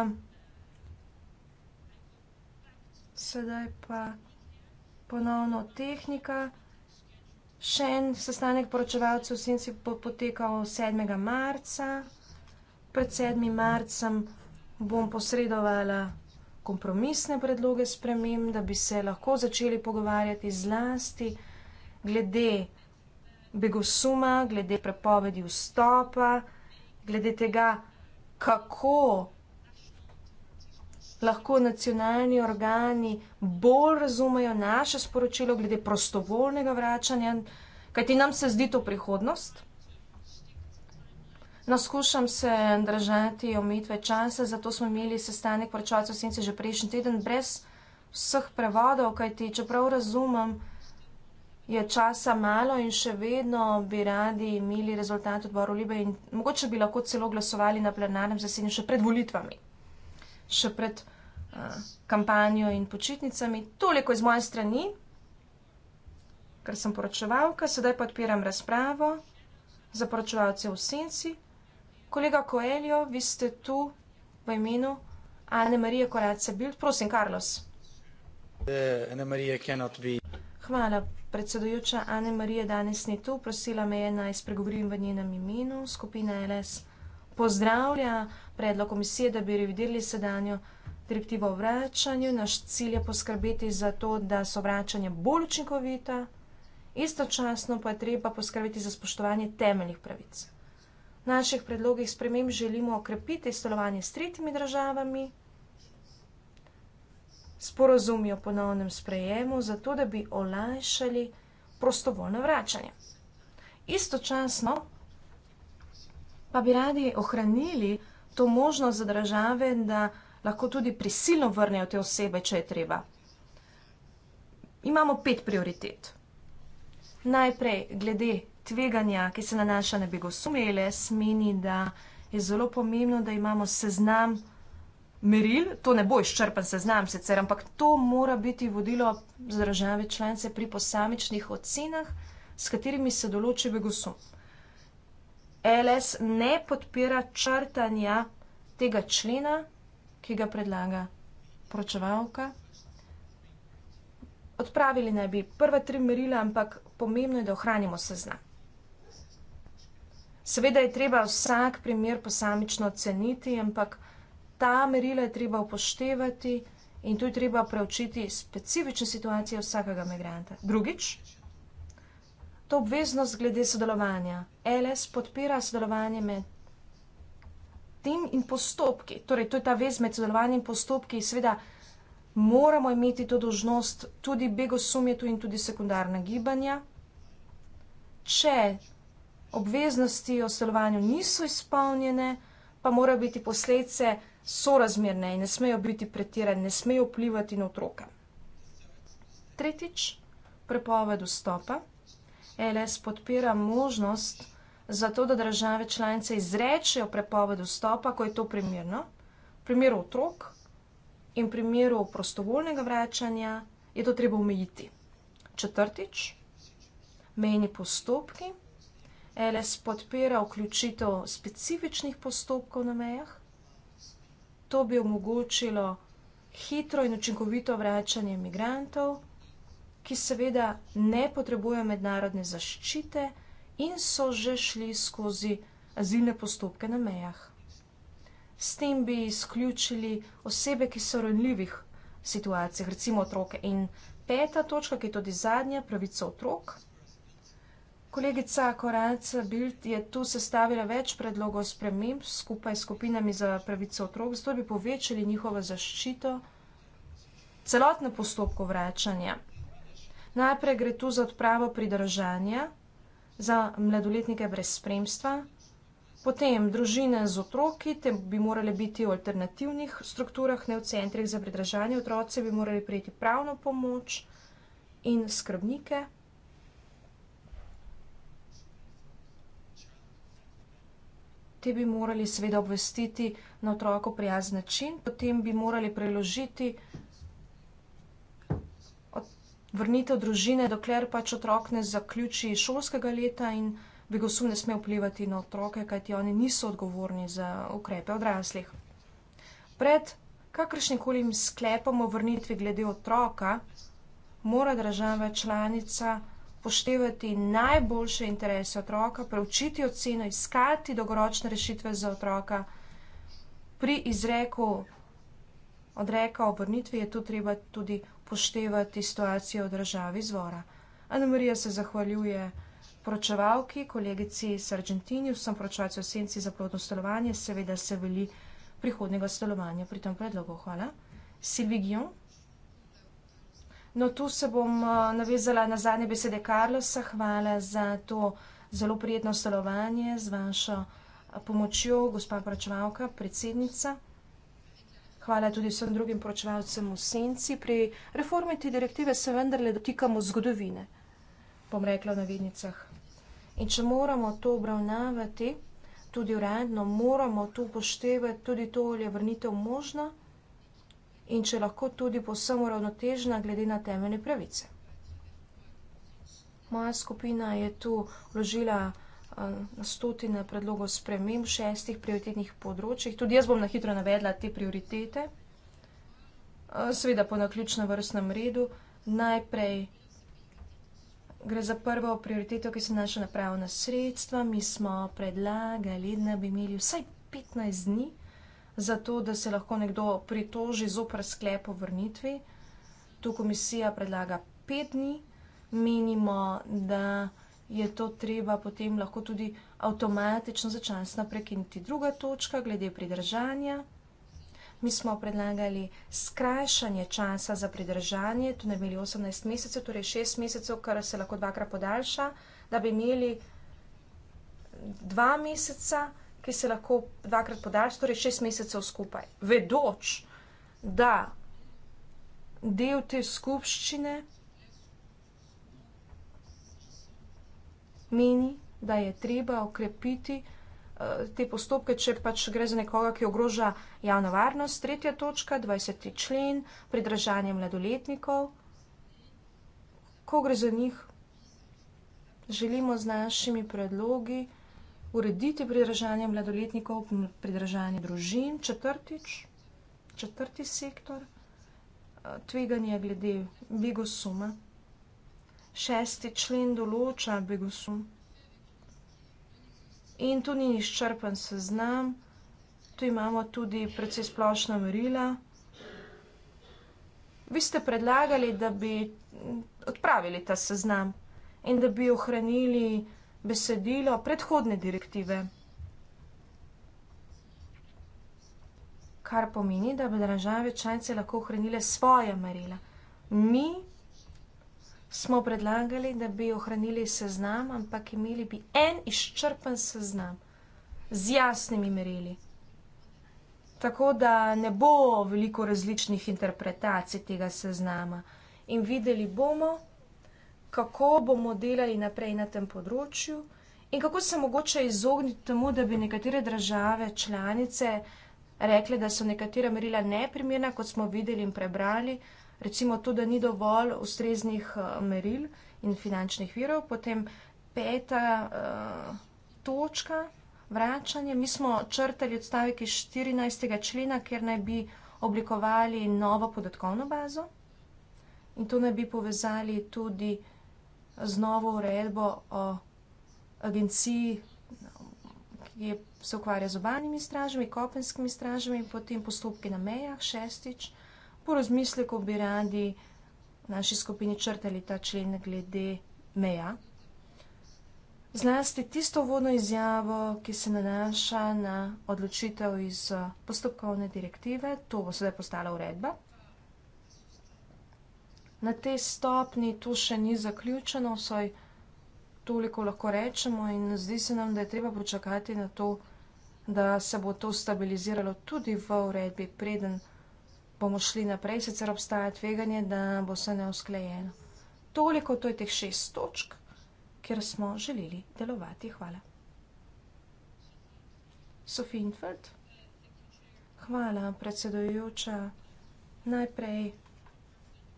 Sedaj pa ponovno tehnika. Še en sestanek poročevalcev v Senci bo potekal 7. marca. Pred 7. marcem bom posredovala kompromisne predloge spremem, da bi se lahko začeli pogovarjati zlasti glede begosuma, glede prepovedi vstopa, glede tega, kako lahko nacionalni organi bolj razumejo naše sporočilo glede prostovoljnega vračanja, kajti nam se zdi to prihodnost. Naskušam no, se držati omitve časa, zato smo imeli sestanek vračalcev sence že prejšnji teden brez vseh prevodov, kajti čeprav razumem, je časa malo in še vedno bi radi imeli rezultat odboru Libe in mogoče bi lahko celo glasovali na plenarnem zasedanju še pred volitvami. Še pred volitvami. Eh, kampanjo in počitnicami. Toliko iz moje strani, ker sem poročevalka, sedaj podpiram razpravo za poročevalce v senci. Kolega Koeljo, vi ste tu v imenu Ane Marije Koratce Bild. Prosim, Carlos. Hvala, predsedujoča Ane Marije danes ni tu. Prosila me je naj spregovorim v njenem imenu. Skupina LS pozdravlja predlog komisije, da bi revidirali sedanjo direktivo o vračanju, naš cilj je poskrbeti za to, da so vračanja bolj učinkovita, istočasno pa je treba poskrbeti za spoštovanje temeljnih pravic. V naših predlogih sprememb želimo okrepiti stolovanje s tretjimi državami, sporozumijo o ponovnem sprejemu, zato da bi olajšali prostovoljno vračanje. Istočasno pa bi radi ohranili to možnost za države, da lahko tudi prisilno vrnejo te osebe, če je treba. Imamo pet prioritet. Najprej, glede tveganja, ki se nanaša na begosumele, smeni, da je zelo pomembno, da imamo seznam meril. To ne bo izčrpan seznam sicer, ampak to mora biti vodilo za države članice pri posamičnih ocenah, s katerimi se določi begosum. LS ne podpira črtanja tega člena, ki ga predlaga poročevalka. Odpravili naj bi prva tri merila, ampak pomembno je, da ohranimo seznam. Seveda je treba vsak primer posamično oceniti, ampak ta merila je treba upoštevati in tu je treba preučiti specifične situacije vsakega imigranta. Drugič, to obveznost glede sodelovanja. LS podpira sodelovanje med tem in postopki, torej to je ta vez med sodelovanjem in postopki, seveda moramo imeti to dožnost tudi begosumjetu in tudi sekundarna gibanja. Če obveznosti o sodelovanju niso izpolnjene, pa mora biti posledce sorazmerne in ne smejo biti pretirane, ne smejo vplivati na otroka. Tretjič, prepoved vstopa. LS podpira možnost, da za to, da države članice izrečejo prepoved vstopa, ko je to primerno, v primeru otrok in v primeru prostovoljnega vračanja, je to treba omejiti. Četrtič, menji postopki. LS podpira vključitev specifičnih postopkov na mejah. To bi omogočilo hitro in učinkovito vračanje imigrantov, ki seveda ne potrebujejo mednarodne zaščite in so že šli skozi azilne postopke na mejah. S tem bi izključili osebe, ki so v ranljivih situacijah, recimo otroke. In peta točka, ki je tudi zadnja, pravica otrok. Kolegica Koranca Bild je tu sestavila več predlogov sprememb skupaj s skupinami za pravice otrok, zato bi povečali njihovo zaščito celotne postopko vračanja. Najprej gre tu za odpravo pridržanja za mladoletnike brez spremstva, potem družine z otroki, te bi morale biti v alternativnih strukturah, ne v centrih za predražanje otroci, bi morali prijeti pravno pomoč in skrbnike. Te bi morali seveda obvestiti na otroko prijazen način, potem bi morali preložiti vrnitev družine, dokler pač otrok ne zaključi šolskega leta in begosum ne sme vplivati na otroke, kajti oni niso odgovorni za ukrepe odraslih. Pred kakršnikoli sklepom o vrnitvi glede otroka mora država članica poštevati najboljše interese otroka, preučiti oceno, iskati dolgoročne rešitve za otroka. Pri izreku odreka o vrnitvi je to treba tudi poštevati situacijo v državi izvora. Ana Marija se zahvaljuje pročevalki, kolegici iz Argentini, vsem pročevalcem v senci za plodno stolovanje, seveda se veli prihodnega stolovanja pri tem predlogu. Hvala. Silvi Gion. No, tu se bom eh, navezala na zadnje besede Karlosa. Hvala za to zelo prijetno stolovanje z vašo eh, pomočjo, gospa pročevalka, predsednica. Hvala tudi vsem drugim poročevalcem v senci. Pri reformi te direktive se vendarle dotikamo zgodovine, bom rekla v navednicah. In če moramo to obravnavati tudi uradno, moramo to upoštevati tudi to, ali je vrnitev možna in če lahko tudi posebej uravnotežena glede na temeljne pravice. Moja skupina je tu vložila na stotine predlogov sprememb v šestih prioritetnih področjih. Tudi jaz bom na hitro navedla te prioritete, seveda po naključnem vrstnem redu. Najprej gre za prvo prioriteto, ki se naša napravna sredstva. Mi smo predlagali, da bi imeli vsaj 15 dni za to, da se lahko nekdo pritoži zopr sklepo vrnitvi. Tu komisija predlaga 5 dni. Menimo, da je to treba potem lahko tudi avtomatično začasno prekiniti. Druga točka, glede pridržanja. Mi smo predlagali skrajšanje časa za pridržanje, tu ne bi imeli 18 mesecev, torej 6 mesecev, kar se lahko dvakrat podaljša, da bi imeli 2 meseca, ki se lahko dvakrat podaljša, torej 6 mesecev skupaj. Vedoč, da del te skupščine, meni, da je treba okrepiti eh, te postopke, če pač gre za nekoga, ki ogroža javno varnost. Tretja točka, 20. člen, pridržanje mladoletnikov. Ko gre za njih, želimo z našimi predlogi urediti pridržanje mladoletnikov, pridržanje družin. Četrtič, četrti sektor, eh, tveganje glede bigosuma šesti člen določa begosum. In to ni izčrpen seznam, tu imamo tudi precej splošna merila. Vi ste predlagali, da bi odpravili ta seznam in da bi ohranili besedilo predhodne direktive. Kar pomeni, da bi države članice lahko ohranile svoje merila. Mi smo predlagali, da bi ohranili seznam, ampak imeli bi en izčrpen seznam z jasnimi merili. Tako da ne bo veliko različnih interpretacij tega seznama in videli bomo, kako bomo delali naprej na tem področju in kako se mogoče izogniti temu, da bi nekatere države članice rekli, da so nekatera merila neprimerna, kot smo videli in prebrali, recimo to, da ni dovolj ustreznih eh, meril in finančnih virov. Potem peta uh, točka vračanja. Mi smo črtali odstavek iz 14. člena, ker naj bi oblikovali novo podatkovno bazo in to naj bi povezali tudi z novo uredbo o agenciji, ki je se ukvarja z obanjimi stražami, kopenskimi stražami in potem postopki na mejah, šestič po razmisleku bi radi v naši skupini črtali ta člen glede meja. Zlasti tisto vodno izjavo, ki se nanaša na odločitev iz eh, postopkovne direktive, to bo sedaj postala uredba. Na tej stopni to še ni zaključeno, vsaj toliko lahko rečemo in zdi se nam, da je treba počakati na to, da se bo to stabiliziralo tudi v uredbi preden bomo šli naprej, sicer obstaja tveganje, da bo vse neusklejeno. Toliko to je teh šest točk, kjer smo želeli delovati. Hvala. Sofi Infert. Hvala, predsedujoča. Najprej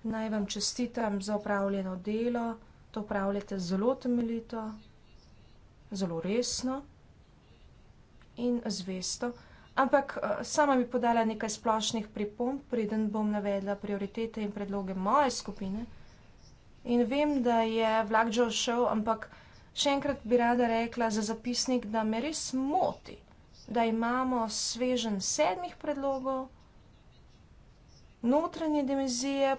naj vam čestitam za opravljeno delo. To upravljate zelo temeljito, zelo resno in zvesto. Ampak eh, sama bi podala nekaj splošnih pripomb, preden bom navedla prioritete in predloge moje skupine. In vem, da je vlak že ošel, ampak še enkrat bi rada rekla za zapisnik, da me res moti, da imamo svežen sedmih predlogov, notranje dimenzije,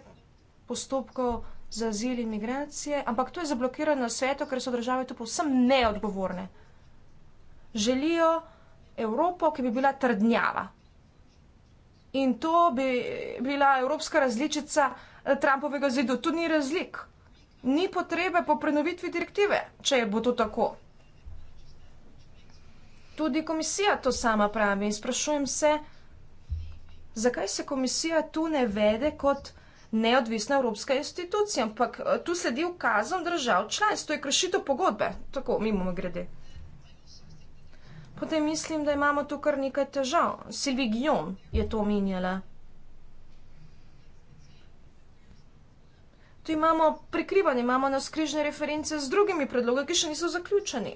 postopkov za azil in migracije, ampak to je zablokirano na svetu, ker so države tu povsem neodgovorne. Želijo, Evropo, ki bi bila trdnjava. In to bi bila evropska različica eh, Trumpovega zidu. Tu ni razlik. Ni potrebe po prenovitvi direktive, če bo to tako. Tudi komisija to sama pravi in sprašujem se, zakaj se komisija tu ne vede kot neodvisna evropska institucija, ampak eh, tu sledi ukazom držav članstv, to je kršito pogodbe, tako mimo grede potem mislim, da imamo tu kar nekaj težav. Silvi Gion je to omenjala. Tu imamo prikrivanje, imamo naskrižne reference z drugimi predlogi, ki še niso zaključeni.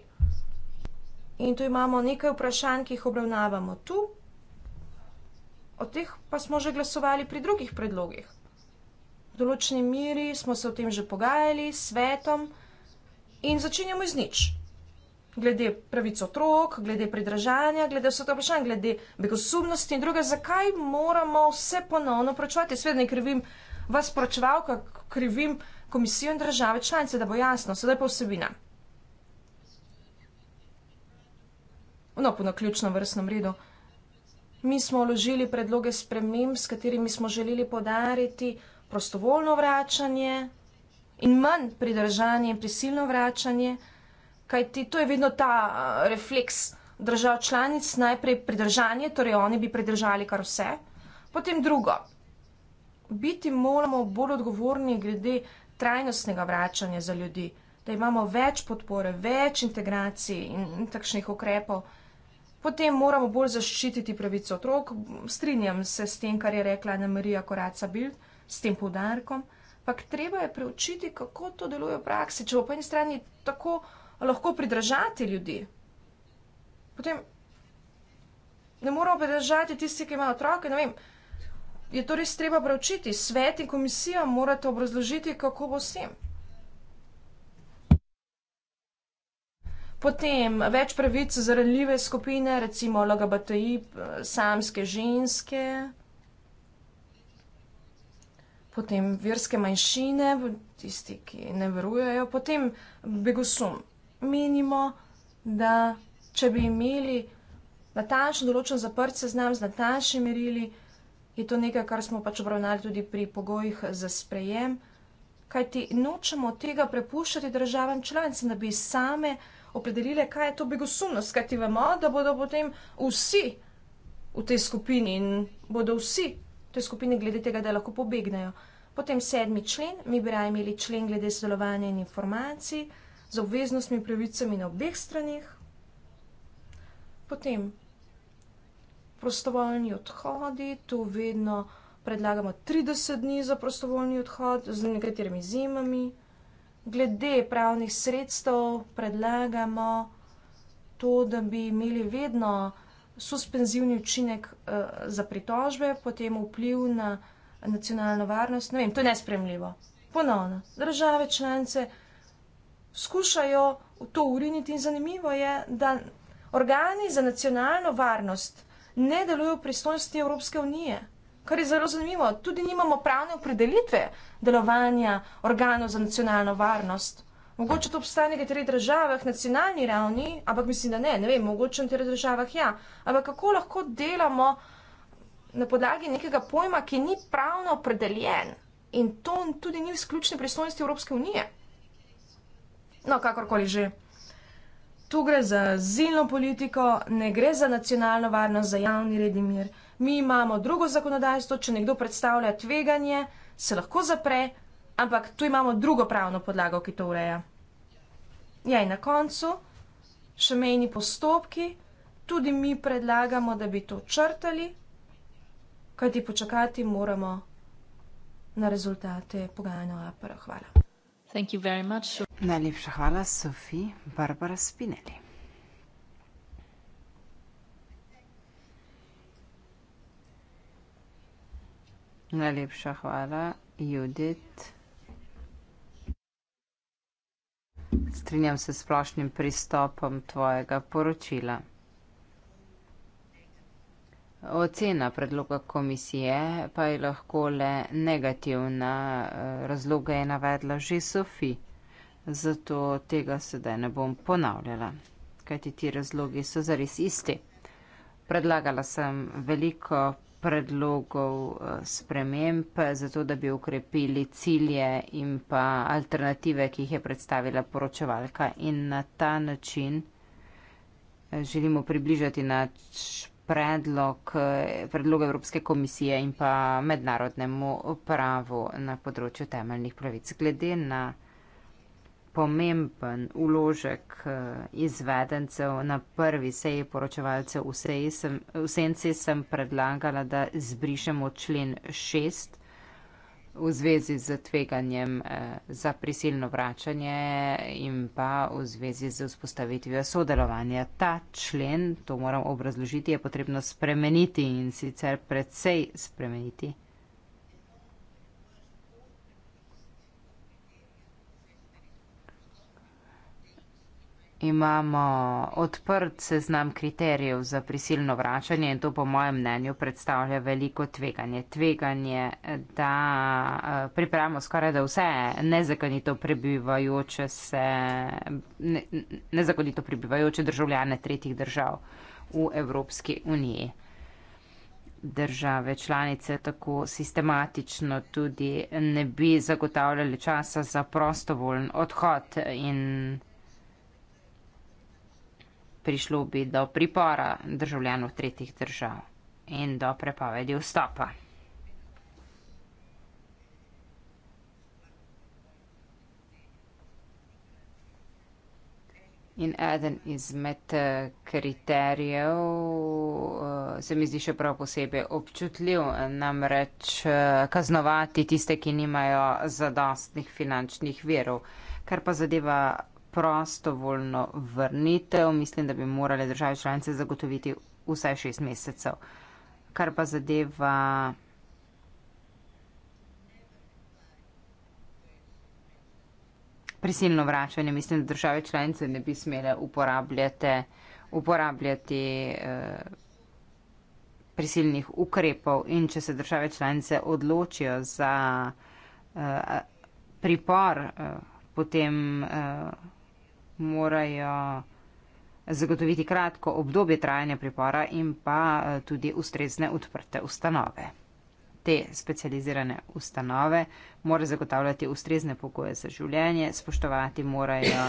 In tu imamo nekaj vprašanj, ki jih obravnavamo tu, o teh pa smo že glasovali pri drugih predlogih. V določeni miri smo se o tem že pogajali s svetom in začenjamo iz ničem glede pravic otrok, glede pridržanja, glede vse to vprašanje, glede begosumnosti in druge, zakaj moramo vse ponovno pročevati. Sveda ne krivim vas pročeval, krivim komisijo in države članice, da bo jasno, sedaj pa vsebina. No, po naključnem vrstnem redu. Mi smo vložili predloge sprememb, s katerimi smo želeli podariti prostovoljno vračanje in manj pridržanje in prisilno vračanje. Kaj ti to je vedno ta refleks držav članic, najprej pridržanje, torej oni bi pridržali kar vse, potem drugo. Biti moramo bolj odgovorni glede trajnostnega vračanja za ljudi, da imamo več podpore, več integracij in takšnih ukrepov. Potem moramo bolj zaščititi pravico otrok. Strinjam se s tem, kar je rekla Ana Marija Koracabil, s tem poudarkom. Ampak treba je preučiti, kako to deluje v praksi. Če bo po eni strani tako lahko pridržati ljudi. Potem ne moramo pridržati tisti, ki imajo otroke. Vem, je to res treba preučiti. Svet in komisija morate obrazložiti, kako bo s tem. Potem več pravic za ranljive skupine, recimo LGBTI, samske ženske, potem verske manjšine, tisti, ki ne verujejo, potem begosum menimo, da če bi imeli natančno določen zaprt seznam z natančnimi merili, je to nekaj, kar smo pač obravnali tudi pri pogojih za sprejem, kajti nočemo tega prepuščati državam članicam, da bi same opredelile, kaj je to begosumnost, kajti vemo, da bodo potem vsi v tej skupini in bodo vsi v tej skupini glede tega, da lahko pobegnejo. Potem sedmi člen, mi bi raje imeli člen glede sodelovanja in informacij z obveznostmi in pravicami na obeh stranih, potem prostovoljni odhodi, tu vedno predlagamo 30 dni za prostovoljni odhod, z nekaterimi zimami. Glede pravnih sredstev predlagamo to, da bi imeli vedno suspenzivni učinek uh, za pritožbe, potem vpliv na nacionalno varnost. Ne vem, to je nespremljivo. Ponovno, države članice skušajo to uriniti in zanimivo je, da organi za nacionalno varnost ne delujejo v pristojnosti Evropske unije. Kar je zelo zanimivo, tudi nimamo pravne opredelitve delovanja organov za nacionalno varnost. Mogoče to obstaja v nekaterih državah na nacionalni ravni, ampak mislim, da ne, ne vem, mogoče v nekaterih državah ja. Ampak kako lahko delamo na podlagi nekega pojma, ki ni pravno opredeljen in to tudi ni v izključni pristojnosti Evropske unije? No, kakorkoli že. Tu gre za zilno politiko, ne gre za nacionalno varnost, za javni red in mir. Mi imamo drugo zakonodajstvo, če nekdo predstavlja tveganje, se lahko zapre, ampak tu imamo drugo pravno podlago, ki to ureja. Ja, in na koncu še mejni postopki. Tudi mi predlagamo, da bi to črtali, kajti počakati moramo na rezultate pogajanja o APR. Hvala. Thank you very much. Najlepša hvala, Sofija Barbara Spinelli. Najlepša hvala, Judith. Strinjam se s splošnim pristopom tvojega poročila. Ocena predloga komisije pa je lahko le negativna, eh, razloga je navedla že Sofi, zato tega sedaj ne bom ponavljala, kajti ti razlogi so zares isti. Predlagala sem veliko predlogov eh, sprememb, zato da bi ukrepili cilje in pa alternative, ki jih je predstavila poročevalka in na ta način eh, želimo približati nač predlog, eh, predlog Evropske komisije in pa mednarodnemu pravu na področju temeljnih pravic. Glede na pomemben uložek eh, izvedencev na prvi seji poročevalcev v, v senci sem predlagala, da zbrišemo člen 6 v zvezi z tveganjem eh, za prisilno vračanje in pa v zvezi z vzpostavitvijo sodelovanja. Ta člen, to moram obrazložiti, je potrebno spremeniti in sicer predvsej spremeniti. imamo odprt seznam kriterijev za prisilno vračanje in to po mojem mnenju predstavlja veliko tveganje. Tveganje, da eh, pripravimo skoraj da vse nezakonito prebivajoče, se, ne, nezakonito prebivajoče državljane tretjih držav v Evropski uniji. Države članice tako sistematično tudi ne bi zagotavljali časa za prostovoljen odhod in prišlo bi do pripora državljanov tretjih držav in do prepovedi vstopa. In eden izmed eh, kriterijev eh, se mi zdi še prav posebej občutljiv, namreč eh, kaznovati tiste, ki nimajo zadostnih finančnih verov. Kar pa zadeva prostovoljno vrnitev, mislim, da bi morale države članice zagotoviti vsaj šest mesecev. Kar pa zadeva. Prisilno vračanje, mislim, da države članice ne bi smele uporabljati, uporabljati eh, prisilnih ukrepov in če se države članice odločijo za eh, pripor, eh, potem eh, morajo zagotoviti kratko obdobje trajanja pripora in pa eh, tudi ustrezne odprte ustanove. Te specializirane ustanove morajo zagotavljati ustrezne pogoje za življenje, spoštovati morajo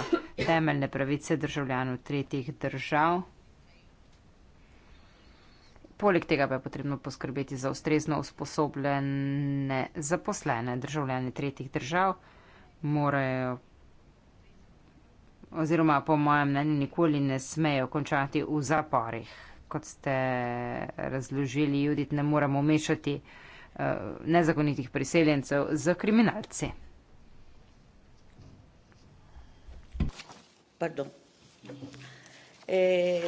temeljne pravice državljanov tretjih držav. Poleg tega pa je potrebno poskrbeti za ustrezno usposobljene zaposlene državljane tretjih držav, morajo oziroma po mojem mnenju nikoli ne smejo končati v zaporih. Kot ste razložili, Judit, ne moramo mešati uh, nezakonitih priseljencev z kriminalci. Pardon. Eh,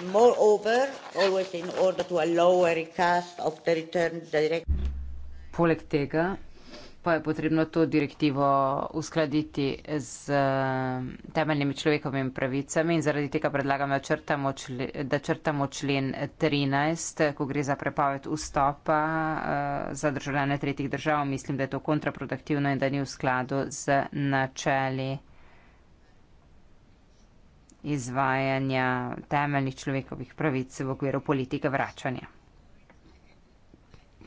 Poleg tega pa je potrebno to direktivo uskladiti z eh, temeljnimi človekovimi pravicami in zaradi tega predlagam, da črtamo, člen, da črtamo člen 13, ko gre za prepoved vstopa eh, za državljane tretjih držav. Mislim, da je to kontraproduktivno in da ni v skladu z načeli izvajanja temeljnih človekovih pravic v okviru politike vračanja.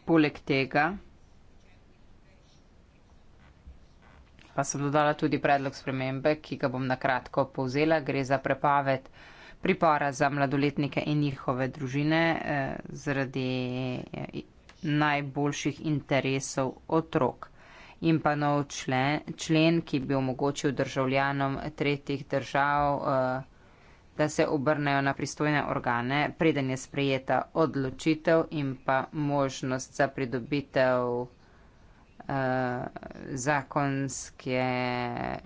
Poleg tega. pa sem dodala tudi predlog spremembe, ki ga bom na kratko povzela. Gre za prepaved pripora za mladoletnike in njihove družine eh, zaradi eh, najboljših interesov otrok. In pa nov člen, člen ki bi omogočil državljanom tretjih držav, eh, da se obrnejo na pristojne organe, preden je sprejeta odločitev in pa možnost za pridobitev uh, zakonske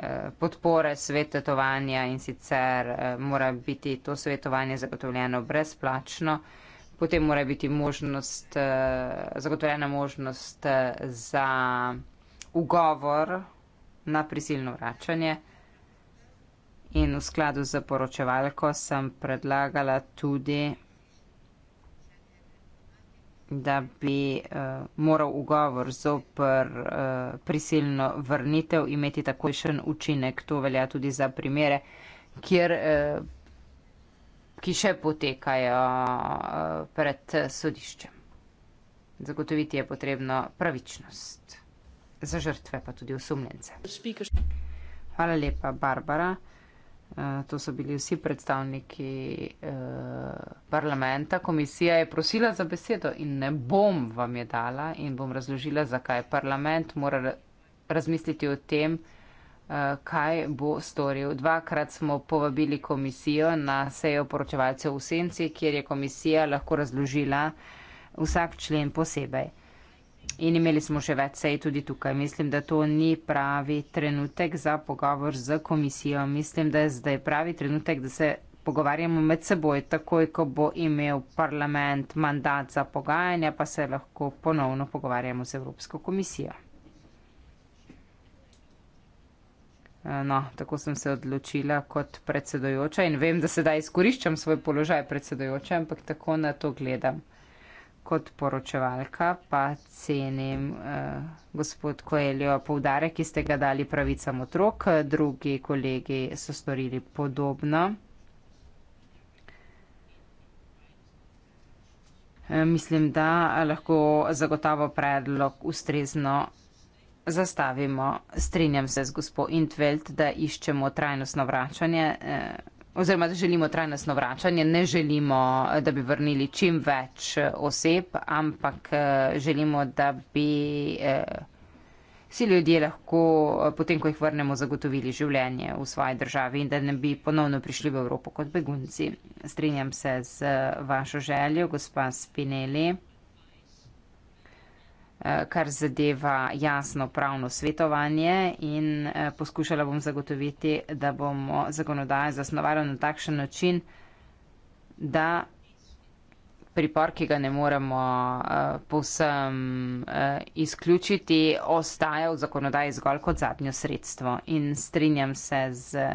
uh, podpore svetovanja in sicer uh, mora biti to svetovanje zagotovljeno brezplačno, potem mora biti možnost, uh, zagotovljena možnost uh, za ugovor na prisilno vračanje. In v skladu z poročevalko sem predlagala tudi da bi uh, moral ugovor zopr uh, eh, prisilno vrnitev imeti takojšen učinek. To velja tudi za primere, kjer, uh, ki še potekajo uh, pred sodiščem. Zagotoviti je potrebno pravičnost za žrtve, pa tudi osumljence. Hvala lepa, Barbara. Eh, to so bili vsi predstavniki eh, parlamenta. Komisija je prosila za besedo in ne bom vam je dala in bom razložila, zakaj parlament mora razmisliti o tem, eh, kaj bo storil. Dvakrat smo povabili komisijo na sejo poročevalcev v Senci, kjer je komisija lahko razložila vsak člen posebej. In imeli smo še več sej tudi tukaj. Mislim, da to ni pravi trenutek za pogovor z komisijo. Mislim, da je zdaj pravi trenutek, da se pogovarjamo med seboj, takoj, ko bo imel parlament mandat za pogajanja, pa se lahko ponovno pogovarjamo z Evropsko komisijo. Eh, no, tako sem se odločila kot predsedojoča in vem, da sedaj izkoriščam svoj položaj predsedojoča, ampak tako na to gledam kot poročevalka pa cenim eh, gospod Koeljo povdare, ki ste ga dali pravicam otrok, drugi kolegi so storili podobno. Eh, mislim, da lahko zagotavo predlog ustrezno zastavimo. Strinjam se z gospod Intveld, da iščemo trajnostno vračanje. Eh, oziroma da želimo trajnostno vračanje, ne želimo, da bi vrnili čim več eh, oseb, ampak eh, želimo, da bi eh, si ljudje lahko, potem ko jih vrnemo, zagotovili življenje v svoji državi in da ne bi ponovno prišli v Evropo kot begunci. Strinjam se z vašo željo, gospa Spinelli. Eh, kar zadeva jasno pravno svetovanje in eh, poskušala bom zagotoviti, da bomo zakonodajo zasnovali na takšen način, da pripor, ki ga ne moremo eh, povsem izključiti, ostaja v zakonodaji zgolj kot zadnjo sredstvo. In strinjam se z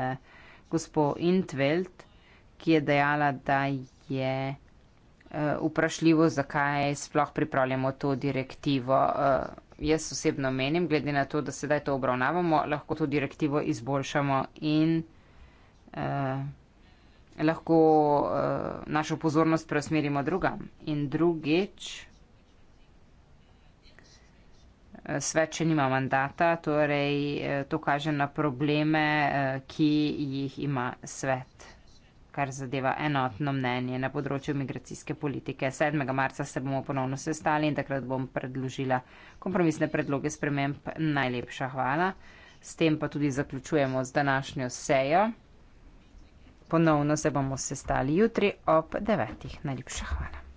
gospod Intveld, ki je dejala, da je. Eh, vprašljivo, zakaj sploh pripravljamo to direktivo. Eh, jaz osebno menim, glede na to, da sedaj to obravnavamo, lahko to direktivo izboljšamo in eh, lahko eh, našo pozornost preusmerimo drugam. In drugič, eh, svet še nima mandata, torej eh, to kaže na probleme, eh, ki jih ima svet kar zadeva enotno mnenje na področju migracijske politike. 7. marca se bomo ponovno sestali in takrat bom predložila kompromisne predloge sprememb. Najlepša hvala. S tem pa tudi zaključujemo z današnjo sejo. Ponovno se bomo sestali jutri ob 9. Najlepša hvala.